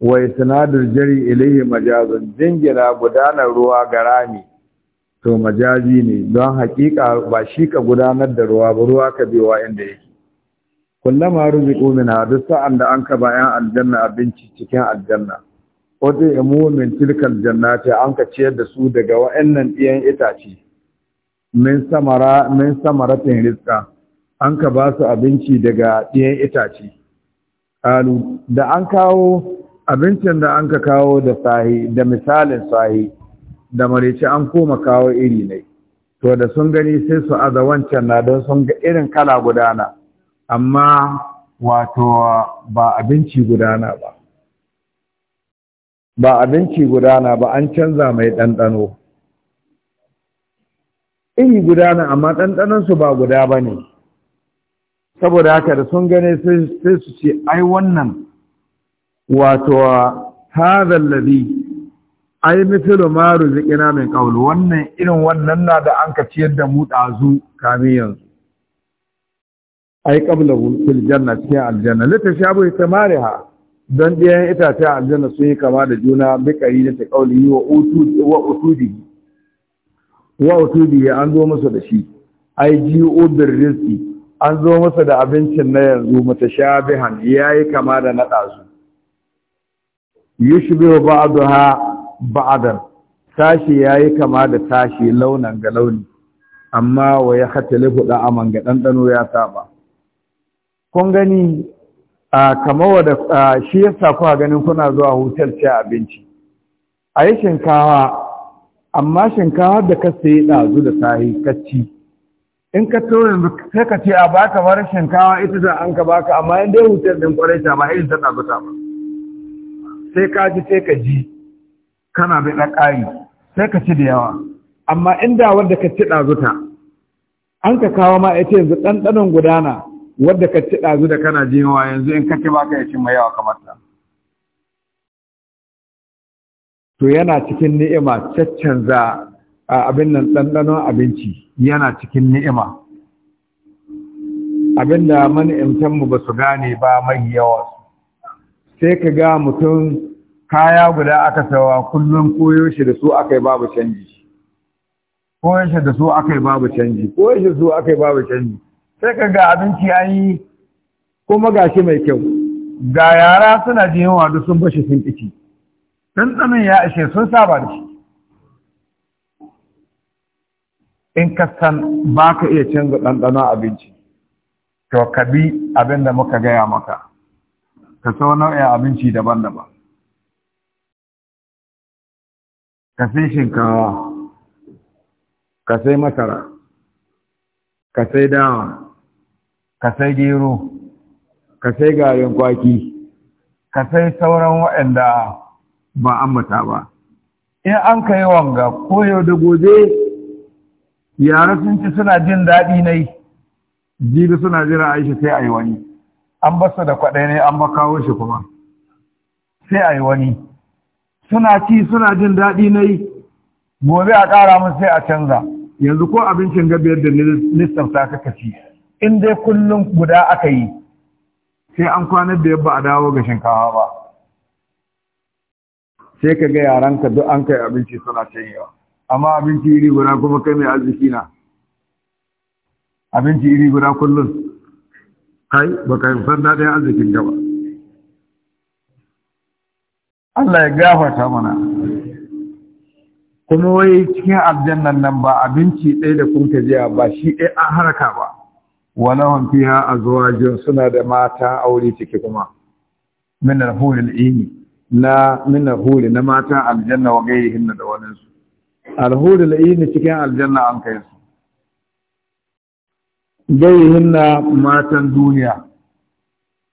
Wai sinadar jari ilayhi majazun jingina gudanar ruwa ga rami to majazi ne don hakika ba shi ka gudanar da ruwa ba ruwa ka wa inda yake kullama ruziqu minha duk sa'an da an ka ba yan aljanna abinci cikin aljanna wata imomin tilkan tilkal jannati an ka ciyar da su daga wa'annan iyan itace min samara min samaratin an ka ba su abinci daga ɗiyan itace alu da an kawo abincin da an ka kawo da sahi da misalin sahi da marece an koma kawo iri ne to da sun gani sai su aza wancan na don sun ga irin kala gudana amma wato ba abinci gudana ba ba abinci gudana ba an canza mai ɗanɗano iri guda na amma ɗanɗanansu ba guda ba ne saboda haka da sun gane sai su ce ai wannan wato ta zallabi ai mithlu ma ruziqina mai qawl wannan irin wannan na da an ka ciyar da mu ɗazu kamin yanzu ai ƙabla fil janna cikin aljanna ta tashabu ha. Don ɗayan itace aljanna sun yi kama da juna bikari da ta yi wa utu wa wa utubi an zo masa da shi ai ji'u bir an zo masa da abincin na yanzu ya yayi kama da na wa yushbihu ba'daha ba'dan tashi yayi kama da tashi launan ga launi amma wa ya khatalifu da aman ga ɗanɗano ya saba kun gani kamar da shi yasa kuka ganin kuna zuwa hotel ci abinci a yi shinkawa amma shinkawa da ka sai ɗazu da sahi kacci in ka yanzu sai ka ce a baka bar shinkawa ita da an ka baka amma in dai wutar din kwarai ta ba irin ta ɗazu ta ba sai ka ji sai ka ji kana bai na ƙari sai ka ci da yawa amma inda wadda ka ci ɗazu ta an ka kawo ma ita yanzu ɗanɗanon gudana wadda ka ci ɗazu da kana jimawa yanzu in ka ci baka ya ci mai yawa kamar ta to yana cikin ni'ima caccanza abin nan ɗanɗanon abinci yana cikin ni'ima abin da mani'imtanmu ba su gane ba mai yawa sai ka ga mutum kaya guda aka sawa kullum koyo shi da su aka yi babu canji koyon shi da su aka yi babu canji koyon shi da su aka yi babu canji sai ka ga abinci ya yi kuma gashi mai kyau ga yara suna jin yawa duk sun bashi sun ƙici ɗanɗanin ya ishe sun saba da shi in ka san ba ka iya canza ɗanɗanon abinci to ka bi abin da muka gaya maka ka sau nau'in abinci daban-daban ka sai shinkawa ka sai masara ka sai dawa ka sai gero ka sai garin kwaki ka sai sauran waɗanda ba ambata ba in an kai wanga ko yau da gobe yara sun ci suna jin daɗi yi jibi suna jira aisha sai a yi wani an basa da kwaɗai ne an makawo shi kuma sai a yi wani suna ci suna jin daɗi nai gobe a ƙara mu sai a canza yanzu ko abincin gabiyar da lissafta kaka ci in dai kullum guda aka yi sai an kwanar da yabba a dawo ga shinkawa ba sai ka ga yaranka duk an kai abinci suna canyewa amma abinci iri guda kuma kai mai arziki na abinci iri guda kullum kai baka yi san daɗin arzikin gaba Allah ya gafarta mana kuma wai cikin aljannan nan ba abinci ɗaya da kun jiya ba shi ɗaya an haraka ba walahun fiha azwajun suna da mata aure ciki kuma min al-hurul ini na min huri na matan aljanna wa hinna da wani su alhuri la'ini cikin aljanna an kai su gairi hinna matan duniya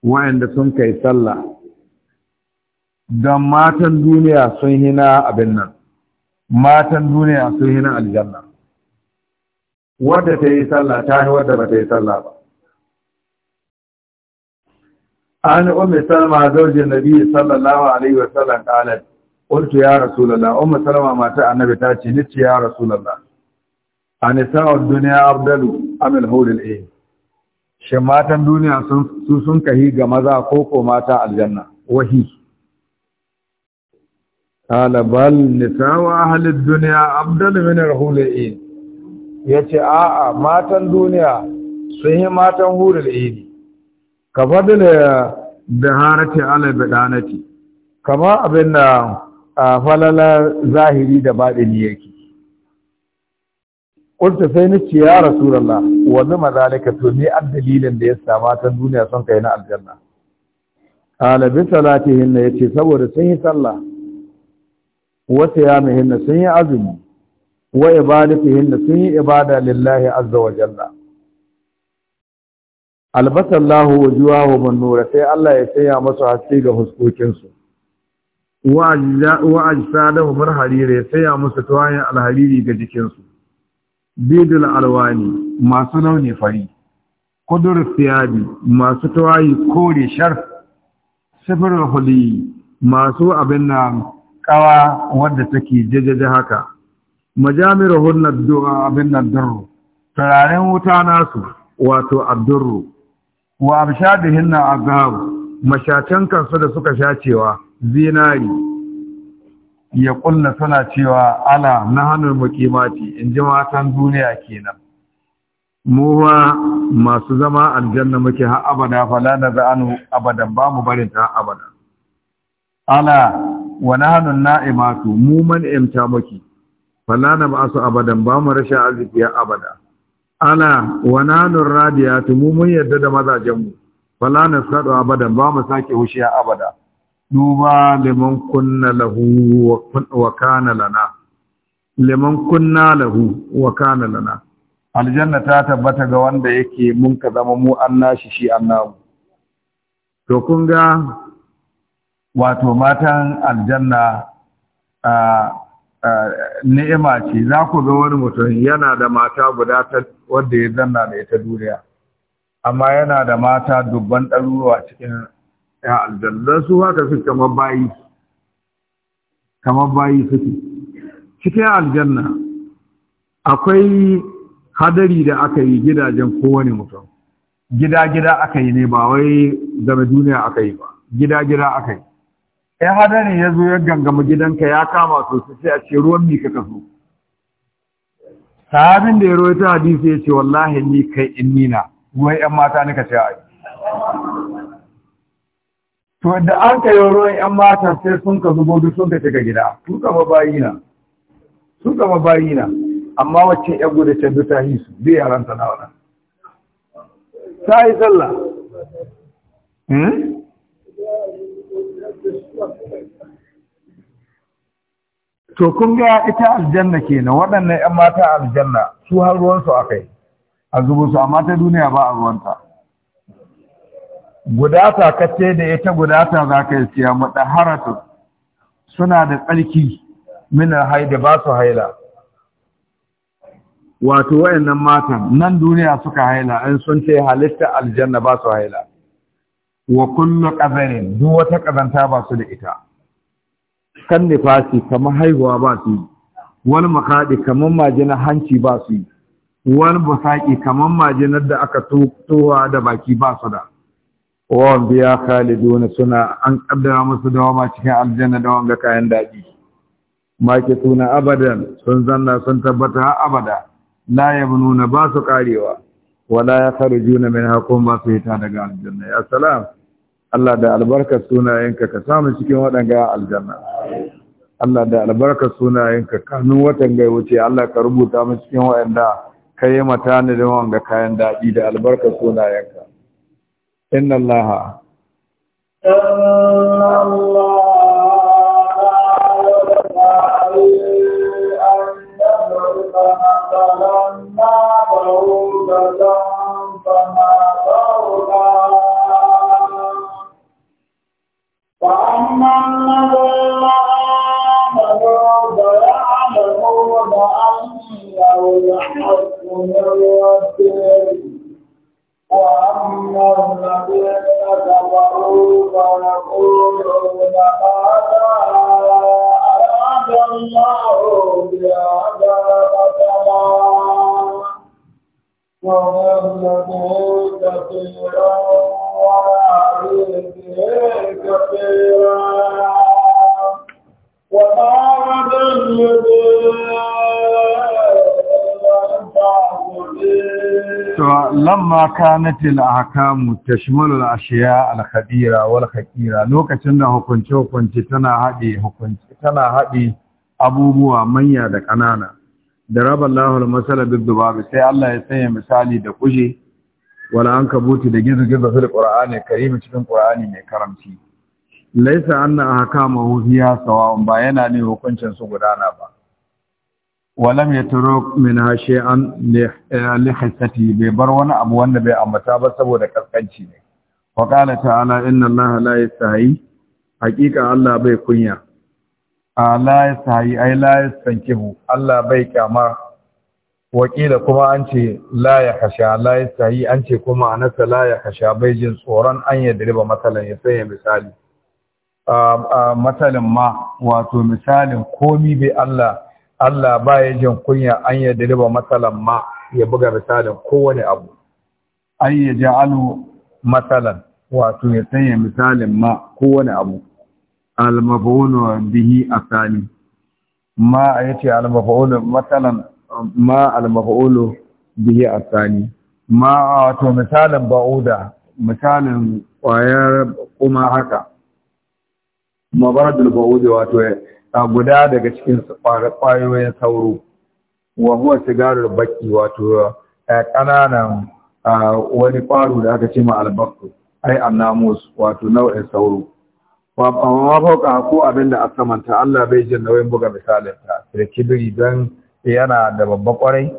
wa'anda sun kai sallah don matan duniya sun hina abin nan matan duniya sun hina aljanna wadda ta yi sallah ta yi wadda ba ta yi sallah ba an ummi salma zaujin nabi sallallahu alaihi wa sallam qalat qultu ya rasulullah ummi salma mata annabi ta ce ni ce ya rasulullah anisa'u dunya afdalu am al-hawlil ayn shi matan duniya sun su ga maza ko ko aljanna wahi qala bal nisa'u ahli dunya afdalu min al-hawlil ayn yace a'a matan duniya sun yi matan hurul ayn ka fadila biharati ala bidanati kama abin da falala zahiri da baɗini yake ƙulta sai ni ce ya rasulallah wa zama to ne an dalilin da ya sama ta duniya son kai na aljanna ɗalibin salatihin na ya ce saboda sun yi sallah wata ya muhinna sun yi azumi wa ibadatihin na sun yi ibada lillahi azza wa jalla wa zuwa wa manura sai Allah ya saya masu haske ga huskokinsu su wa ajsadahum hariri ya saya musu tawayin Alhariri ga jikinsu. bidul alwani masu launi fari kudur siyabi masu tawayi kore shar sifir huli masu abin nan kawa wadda take jajaja haka majamiru hunna abin na durru turaren wuta nasu wato abdurru wa a azhab mashatan kansu da suka sha cewa zinari ya kulla suna cewa ala hannun muqimati in ji matan duniya kenan muwa masu zama aljanna muke har abada fala zaanu abadan ba mu barin ta abada ala wa nahanu na'imatu mu man imta muke fala na ba su abadan ba mu rashin arziki abada ana nun radiya mu mun yarda da mazajenmu fala sadu abadan ba mu sake hushiya abada duba liman kunna lahu wa kana lana liman kunna lahu wa kana lana aljanna ta tabbata ga wanda yake mun ka zama mu annashi shi annahu to kun ga wato matan aljanna a ni'ima ce za ku ga wani mutum yana da mata guda ta wanda ya zanna da ita duniya amma yana da mata dubban ɗaruruwa cikin ya aljanna su haka su kamar bayi kamar bayi suke cikin aljanna akwai hadari da aka yi gidajen kowane mutum gida-gida aka yi ne ba wai game duniya aka yi ba gida-gida aka yi ya hadari ya zo ya gangama gidanka ya kama sosai ce a ce ruwan mi ka kaso sahabin da ya ta hadisi ya ce wallahi ni kai in nina ruwan yan mata nika ce yi to da an yi ruwan yan mata sai sun ka zubo duk sun ka shiga gida sun ka bayi na sun ka bayi na amma wacce yan gudu ta bi ta yi su bi yaran ta nawa ta yi sallah hmm? to kun ga ita aljanna kenan waɗannan 'yan mata aljanna su har ruwansu a kai a zubu su amma ta duniya ba a ruwanta ta kace da ita gudata za ka yi siya madaharatu suna da tsarki min haida ba su haila wato wayannan matan nan duniya suka haila an sun ce halitta aljanna ba su haila wa kullu qabarin duk wata kazanta ba su da ita kan nifasi kamar haihuwa ba su yi wani makaɗi kamar majinar hanci ba su yi wani basaki kamar majinar da aka towa da baki ba su da wawan biya khaliduna suna an ƙaddara musu dawama cikin aljanna da wanga kayan daɗi maki suna abadan sun zanna sun tabbata abada la yabnuna ba su karewa wala ya kharujuna min hakum ba su hita daga aljanna ya salam Allah da albarkar sunayenka ka samu cikin waɗanga aljanna Allah da albarka sunayenka kanun watan gai wuce Allah ka rubuta mu cikin wayanda kai mata ne da wanga kayan dadi da albarka sunayenka inna Allah inna Allah Allah النظر الحق من ربهم وأما الذين كفروا فيقولون ماذا أراد الله بهذا مثلا ومثله كثيرا وعليه كثيرا وما يضل به lamma kanatil ahkamu tashmalu al-ashiya al wal khakira lokacin da hukunce hukunce tana haɗe tana haɗe abubuwa manya da ƙanana da raba Allahu al-masala sai Allah ya sanya misali da kuje wala an kabuti da gizo-gizo fil qur'ani karimi cikin ƙur'ani mai karamci laisa anna ahkamu hiya sawa'un ba yana ne hukuncin su gudana ba walam ya turo min hashe an lihassati bai bar wani abu wanda bai ambata ba saboda kaskanci ne wa qala ta'ala inna allaha la yastahi haqiqa allah bai kunya la yastahi ai la yastankihu allah bai kyama wakila kuma an ce la ya hasha la yastahi an ce kuma anasa la ya bai jin tsoron an ya diriba matsalan ya sanya misali matsalin ma wato misalin komi bai allah Allah ba ya jin kunya an ya diriba matsalan ma ya buga misalin kowane abu an ji alu matsalan wato ya sanya misalin ma kowane abu almabawulo bihi a sani ma a yace almabawulo matsalan ma almabawulo bihi a sani ma wato misalin ba'uda misalin kwayar kuma haka mabaradul ba'uda wato a guda daga cikin kwayoyin sauro wa huwa sigarar baki wato eh, ƙananan wani ƙwaro da aka ce ma albakku ai annamus wato nau'in sauro wa ma ko abin da a samanta, Allah bai jin nauyin buga misalin ta da kibiri don yana da babba kwarai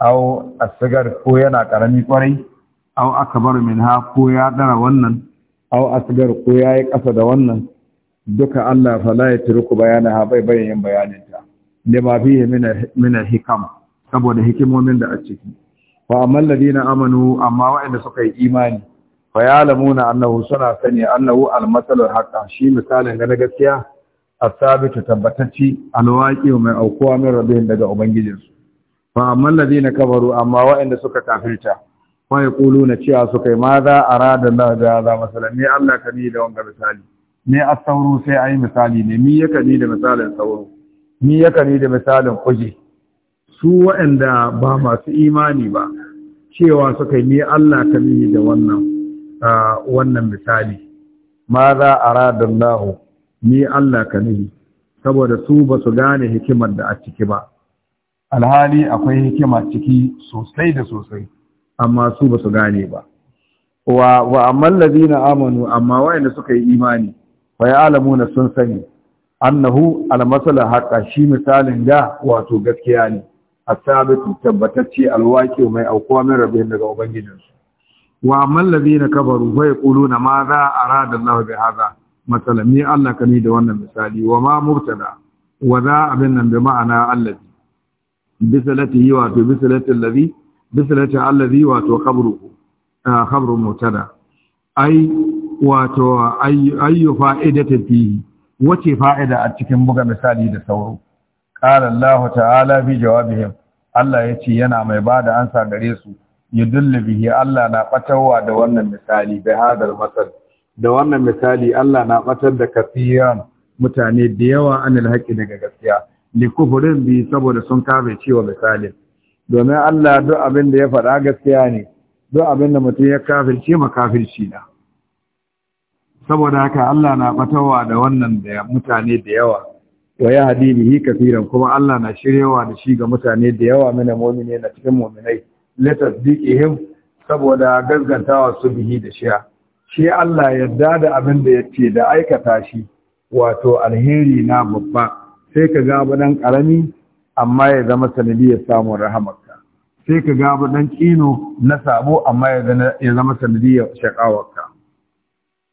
au sigar ko yana karami kwarai au akbar ha ko ya dara wannan au sigar ko yayi kasa da wannan duka Allah fala ya turku ha bai bayanin ma fi fihi min hikama saboda hikimomin da a ciki fa amman ladina amanu amma wa'anda suka yi imani fa ya'lamuna annahu suna sani annahu almasalul haka. shi misalin ga na gaskiya asabita tabbatacci alwaqi mai aukuwa min rabbihim daga su fa amman ladina kafaru amma wa'anda suka kafirta fa yaquluna cewa suka yi ma za arada Allah da za ne? Allah kani da wanga misali ne a sauro sai a yi misali ne mi ya kani da misalin sauro mi ya kani da misalin kuje su waɗanda ba masu imani ba cewa suka yi Allah ka nihi da wannan wannan misali ma za a radar lahu ni Allah ka nihi saboda su ba su gane hikimar da a ciki ba alhali akwai hikima ciki sosai da sosai amma su ba su gane ba wa amman lazina amanu amma wayanda suka yi imani fa ya'lamuna sun sani annahu al-masala haqa shi misalin da wato gaskiya ne asabitu tabbatacce alwaqi mai aukuwa min rabbihim daga ubangijinsu wa amman ladina kafaru fa yaquluna ma za arada Allah bi hadha masalan ni Allah kani da wannan misali wa ma mubtada wa za abin nan bi ma'ana allazi bisalati wato bisalati allazi bisalati allazi wato khabru ah, khabru mubtada ai wato ayyu fa'idatar fihi wace fa'ida a cikin buga misali da sauro ƙara Allah ta'ala fi jawabihim Allah ya ce yana mai ba da ansa gare su yudullu bihi Allah na ɓatarwa da wannan misali bai hadar masal da wannan misali Allah na ɓatar da kafiyan mutane da yawa an haqqi daga gaskiya li kufurin bi saboda sun kafe cewa misalin domin Allah duk abin da ya faɗa gaskiya ne duk abin da mutum ya kafirce makafirci na saboda haka Allah na batawa da wannan da mutane da yawa wa ya hadi bihi kafiran kuma Allah na shiryawa da shi ga mutane da yawa mina mu'mini na cikin mu'minai la him saboda gaggantawa su bihi da shi. shi Allah yadda da abin da yake da aikata shi wato alheri na babba sai ka ga dan karami amma ya zama sanadiyar samun rahamarka sai ka ga dan kino na sabo amma ya zama sanadi sanadiyar shakawarka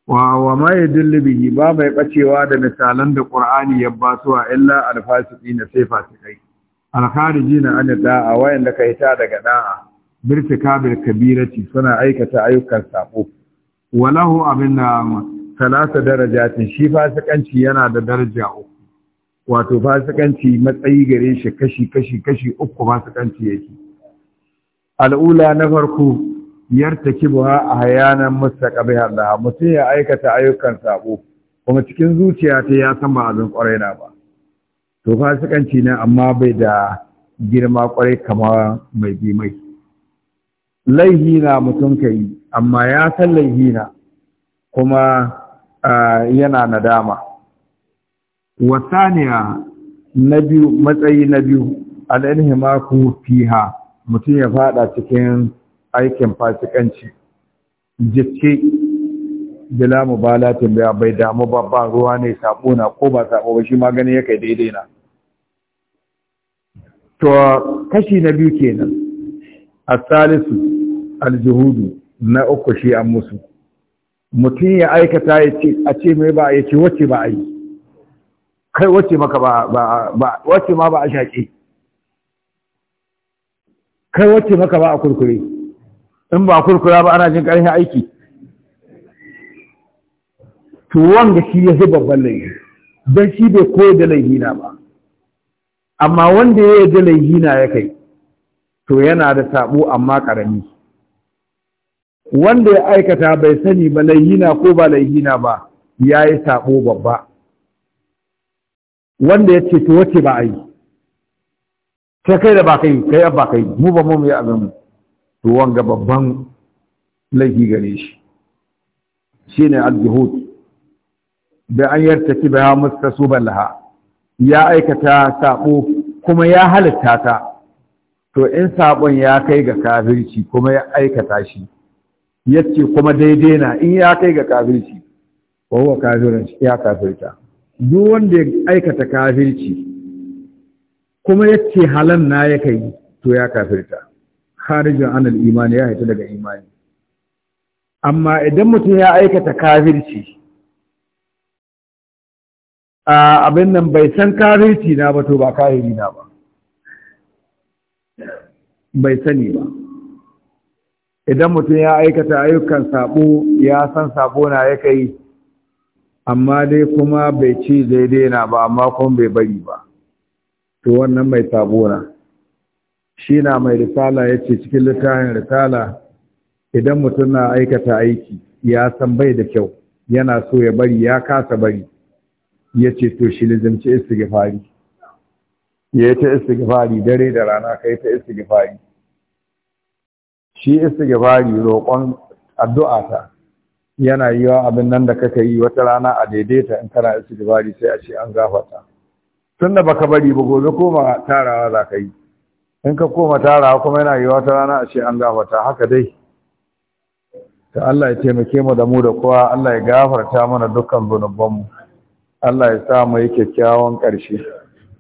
wa ma yadullu bihi ba mai bacewa da misalan da ƙur'ani ya basuwa illa na sai fasikai na an da'a da ka ta daga da'a birtikabil kabirati suna aikata ayyukan sako walahu abinna talata darajatin shi fasikanci yana da daraja uku wato fasikanci matsayi gare shi kashi kashi kashi uku fasikanci yake al'ula na farko a yartakibuha ahyanan mustaqbihan Allah mutum ya aikata ayyukan sabo kuma cikin zuciya ta ya san ba azan kwarai na ba to su fasikanci ne amma bai da girma kwarai kamar mai bi mai laihina na mutum kai amma ya san laihi kuma yana nadama wasaniya na biyu matsayi na biyu al'inhimaku fiha mutum ya faɗa cikin aikin fasikanci jike bila mubalatin tambaya bai damu ba ruwa ne sabo na ko ba sabo ba shi ma gani yake daidai na to kashi na biyu kenan asalisu aljuhudu na uku shi an musu mutum ya aikata ya ce a ce mai ba ya ce wacce ba a yi kai wacce maka ba ba wacce ma ba a shaƙe kai wacce maka ba a kurkure in ba kurkura ba ana jin ƙarfin aiki to wanga shi ya babban laifi don shi bai koyar da laihina ba amma wanda ya da laihina ya kai to yana da sabo amma karami wanda ya aikata bai sani ba laihina ko ba laihina ba ya yi sabo babba wanda ya ce to wace ba a yi ta kai da ba kai kai ba kai mu ba mu yi abin mu to wanga babban laifi gare shi shi al aljihud da an yarta ki baya musta su laha ya aikata sabo kuma ya halitta ta to in sabon ya kai ga kafirci kuma ya aikata shi yace kuma daidai na in ya kai ga kafirci wa kafirin kafirun ya kafirta duk wanda ya aikata kafirci kuma yace halan na ya kai to ya kafirta kharijin anal imani ya haita daga imani amma idan mutum ya aikata kafirci a abin nan bai san kafirci na ba to ba kafiri na ba bai sani ba idan mutum ya aikata ayyukan sabo ya san sabo na ya kai amma dai kuma bai ci daidai na ba amma kuma bai bari ba to wannan mai sabo na shi na mai risala ya ce cikin littafin risala idan mutum na aikata aiki ya san bai da kyau yana so ya bari ya kasa bari ya ce to shi lizimci istigifari ya yi ta istigifari dare da rana kai ta istigifari shi istigifari roƙon addu'a ta yana yi wa abin nan da kaka yi wata rana a daidaita in kana istigifari sai a ce an gafata. Tun da baka bari ba gobe ko ba tarawa za ka yi in ka koma tara kuma yana yi wata rana a ce an gafarta haka dai ta Allah ya taimake mu da mu da kowa Allah ya gafarta mana dukkan zunubanmu Allah ya sa mu yi kyakkyawan ƙarshe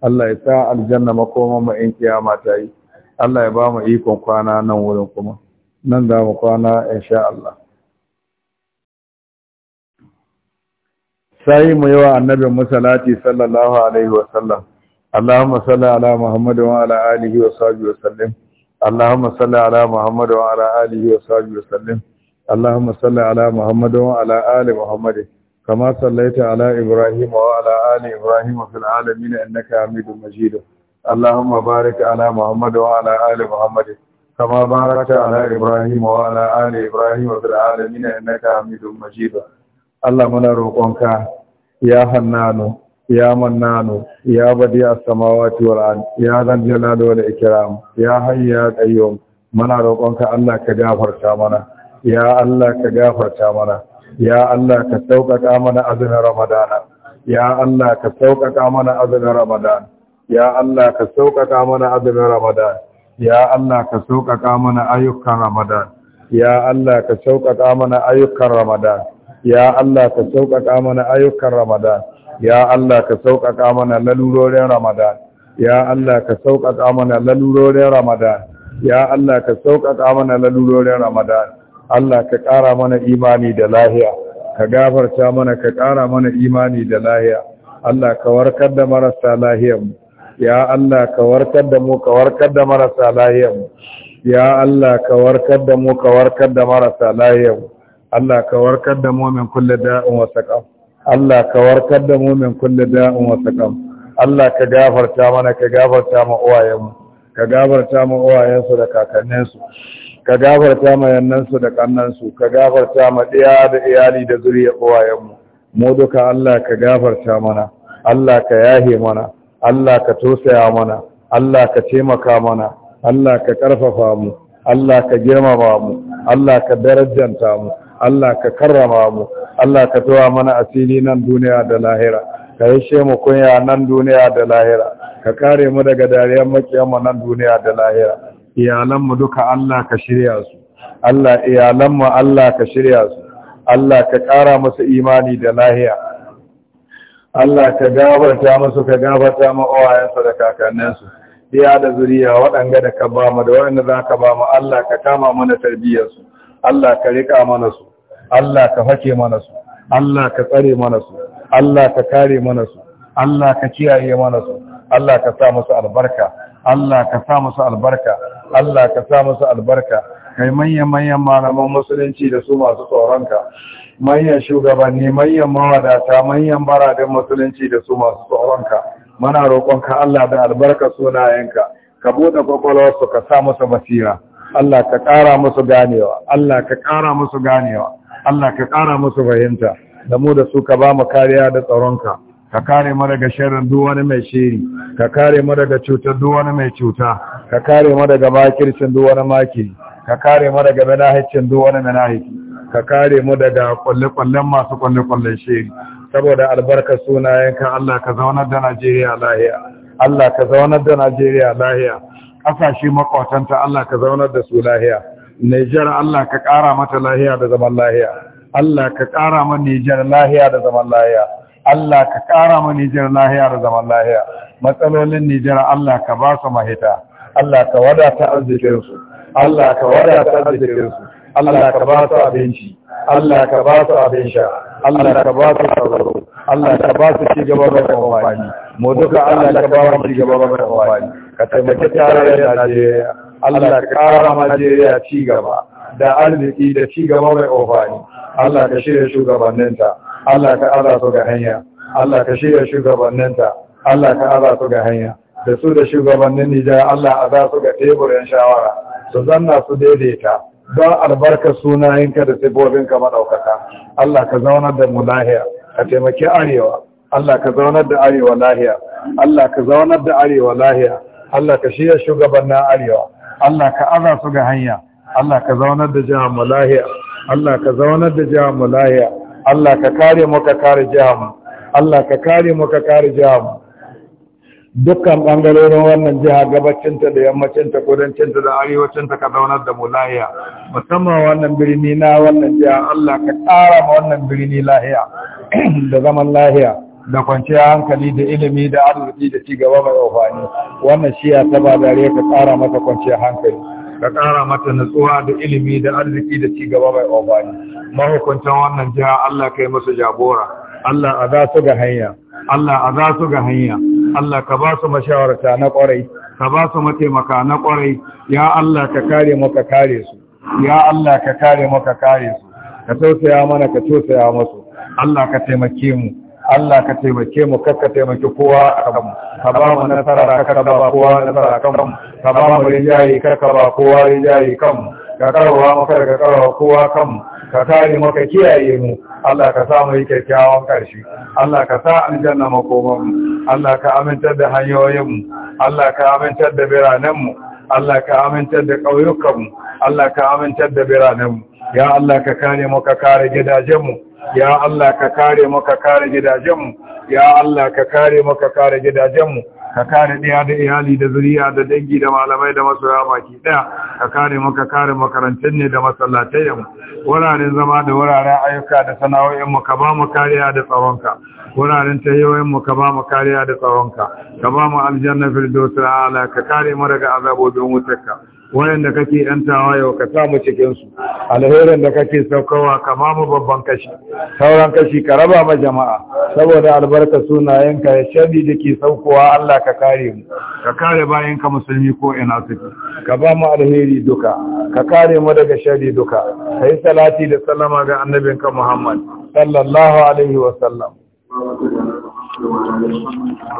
Allah ya sa aljanna makoma mu in kiyama ta yi Allah ya ba mu ikon kwana nan wurin kuma nan za mu kwana insha Allah sai mu yi wa annabin musalati sallallahu alaihi wa sallam اللهم صل على محمد وعلى آله وصحبه وسلم اللهم صل على محمد وعلى آله وصحبه وسلم اللهم صل على محمد وعلى آل محمد كما صليت على إبراهيم وعلى آل إبراهيم في العالمين إنك حميد مجيد اللهم بارك على محمد وعلى آل محمد كما باركت على إبراهيم وعلى آل إبراهيم في العالمين إنك حميد مجيد اللهم نروقك يا حنان يا منان يا بديع السماوات والأرض يا ذا الجلال والإكرام يا حي يا قيوم muna roƙonka Allah ka gafarta mana ya Allah ka gafarta mana ya Allah ka sauƙaƙa mana azumin Ramadana ya Allah ka sauƙaƙa mana azumin Ramadan ya Allah ka sauƙaƙa mana azumin Ramadan ya Allah ka sauƙaƙa mana ayyukan Ramadan ya Allah ka sauƙaƙa mana ayyukan Ramadan ya Allah ka sauƙaƙa mana ayyukan Ramadan ya Allah ka sauƙaƙa mana lalurorin Ramadan ya Allah ka sauƙaƙa mana lalurorin Ramadan ya Allah ka sauƙaƙa mana lalurorin Ramadan Allah ka ƙara mana imani da lahiya ka gafarta mana ka ƙara mana imani da lahiya Allah ka warkar da marasa lahiyar mu ya Allah ka warkar da mu ka warkar da marasa lahiyar ya Allah ka warkar da mu ka warkar da marasa lahiyar Allah ka warkar da mu min kulli da'in wa saqam Allah ka warkar da mu min kulli da'in wa saqam Allah ka gafarta mana ka gafarta ma uwayenmu ka gafarta ma uwayensu da kakanninsu ka gafarta ma yannansu da kannansu ka gafarta ma ɗiya da iyali da zuriya uwayenmu mu duka Allah ka gafarta mana Allah ka yahe mana Allah ka tosaya mana Allah ka taimaka mana Allah ka ƙarfafa mu Allah ka girmama mu Allah ka darajanta mu Allah ka karrama mu Allah ka tawa mana asiri nan duniya da lahira ka yashe mu kunya nan duniya da lahira ka kare mu daga dariyar makiyanmu nan duniya da lahira iyalan duka Allah ka shirya su Allah iyalan Allah ka shirya su Allah ka kara musu imani da lahiya Allah ka gabata musu ka gabata ma da kakanninsu ya da zuriya waɗanga da ka ba mu da waɗanda za ka ba mu Allah ka kama mana tarbiyyarsu Allah ka riƙa mana su Allah ka fake mana su Allah ka tsare mana su Allah ka kare mana su Allah ka kiyaye mana su Allah ka sa musu albarka Allah ka sa musu albarka Allah ka sa musu albarka kai manyan manyan malaman musulunci da su masu tsoronka manyan shugabanni manyan mawadata manyan baradin musulunci da su masu tsoronka muna roƙonka Allah da albarka sunayenka ka buɗe kwakwalwarsu ka sa musu basira Allah ka ƙara musu ganewa Allah ka ƙara musu ganewa Allah ka ƙara musu fahimta da mu da su ka ba mu kariya da tsaronka ka kare mu daga sharrin duk wani mai shiri ka kare mu daga cutar duk wani mai cuta ka kare mu daga makircin duk wani makiri ka kare mu daga manahicin duk wani manahiki ka kare mu daga kwalle-kwallen masu kwalle-kwallen shiri saboda albarkar sunayenka Allah ka zaunar da Najeriya lahiya Allah ka zaunar da Najeriya lahiya kasashe makwatanta Allah ka zaunar da su lahiya Niger Allah ka ƙara mata lahiya da zaman lahiya Allah ka ƙara ma Niger lahiya da zaman lahiya Allah ka ƙara ma Niger lahiya da zaman lahiya matsalolin Niger Allah ka ba su mahita Allah ka wadata arzikin su Allah ka wadata arzikin su Allah ka ba su abinci Allah ka ba su abin sha Allah ka ba su tsaro Allah ka ba su ci gaba mai amfani mu duka Allah ka ba mu ci gaba mai amfani ka taimaki tarayyar Najeriya Allah ka kara Najeriya ci gaba da arziki da ci gaba mai amfani Allah ka shirya shugabanninta Allah ka ara su ga hanya Allah ka shirya shugabanninta Allah ka ara su ga hanya da su da shugabannin Nijar Allah a za su ga teburin shawara su zanna su daidaita don albarkar sunayenka da sibobinka maɗaukaka Allah ka zaunar da mu lahiya ka taimaki arewa Allah ka zaunar da arewa lahiya Allah ka zaunar da arewa lahiya Allah ka shiya shugabannin arewa Allah ka aza su ga hanya Allah ka zaunar da jihar mu lahiya Allah ka zaunar da jihar mu lahiya Allah ka kare mu ka kare jihar mu Allah ka kare mu ka kare jihar mu dukkan ɓangarorin wannan jiha gabacinta da yammacinta kudancinta da arewacinta ka zaunar da mulahiya lahiya musamman wannan birni na wannan jiha Allah ka ƙara ma wannan birni lahiya da zaman lahiya da kwanciya hankali da ilimi da arziki da ci gaba mai amfani wannan shi ya ba dare ka ƙara mata kwanciya hankali ka ƙara mata nutsuwa da ilimi da arziki da ci gaba mai amfani mahukuntan wannan jiha Allah kai masa jagora Allah a za su ga hanya Allah a za su ga hanya Allah ka ba su mashawarta na ƙwarai. ka ba su mataimaka na ƙwarai. ya Allah ka kare mu ka kare su ya Allah ka kare mu ka kare su ka tausaya mana ka tausaya masu. Allah ka taimake mu Allah ka taimake mu kakka taimake kowa a kanmu ka ba mu nasara kakka ba kowa nasara kanmu ka ba mu rijayi kakka ba kowa rijayi kanmu ka karawa maka daga karawa kowa kanmu ka kare maka kiyaye mu Allah ka sa mu yi kyakkyawan karshe Allah ka sa aljanna makoman mu Allah ka amintar da hanyoyin mu Allah ka amintar da biranen mu Allah ka amintar da ƙauyukan mu Allah ka amintar da biranen mu ya Allah ka kare mu ka kare gidajen mu ya Allah ka kare mu ka kare gidajen mu ya Allah ka kare mu ka kare gidajen mu ka kare ɗaya da iyali da zuriya da dangi da malamai da masoya baki ɗaya ka kare mu kare makarantun ne da masallatai da wuraren zama da wuraren ayyuka da sana'o'in mu ka ba mu kariya da tsaronka wuraren tayoyin mu ka ba mu kariya da tsaronka ka ba mu aljanna firdausul ala ka kare mu daga azabobin wutarka wayanda kake yantawa yau ka samu cikinsu alherin da kake saukawa kama mu babban kashi sauran kashi ka raba ma jama'a saboda albarka sunayenka ya shari da ke saukowa Allah ka kare mu ka kare bayan bayanka musulmi ko ina suke ka ba mu alheri duka ka kare mu daga shari duka ka yi salati da salama ga annabin ka Muhammad sallallahu alaihi wa sallam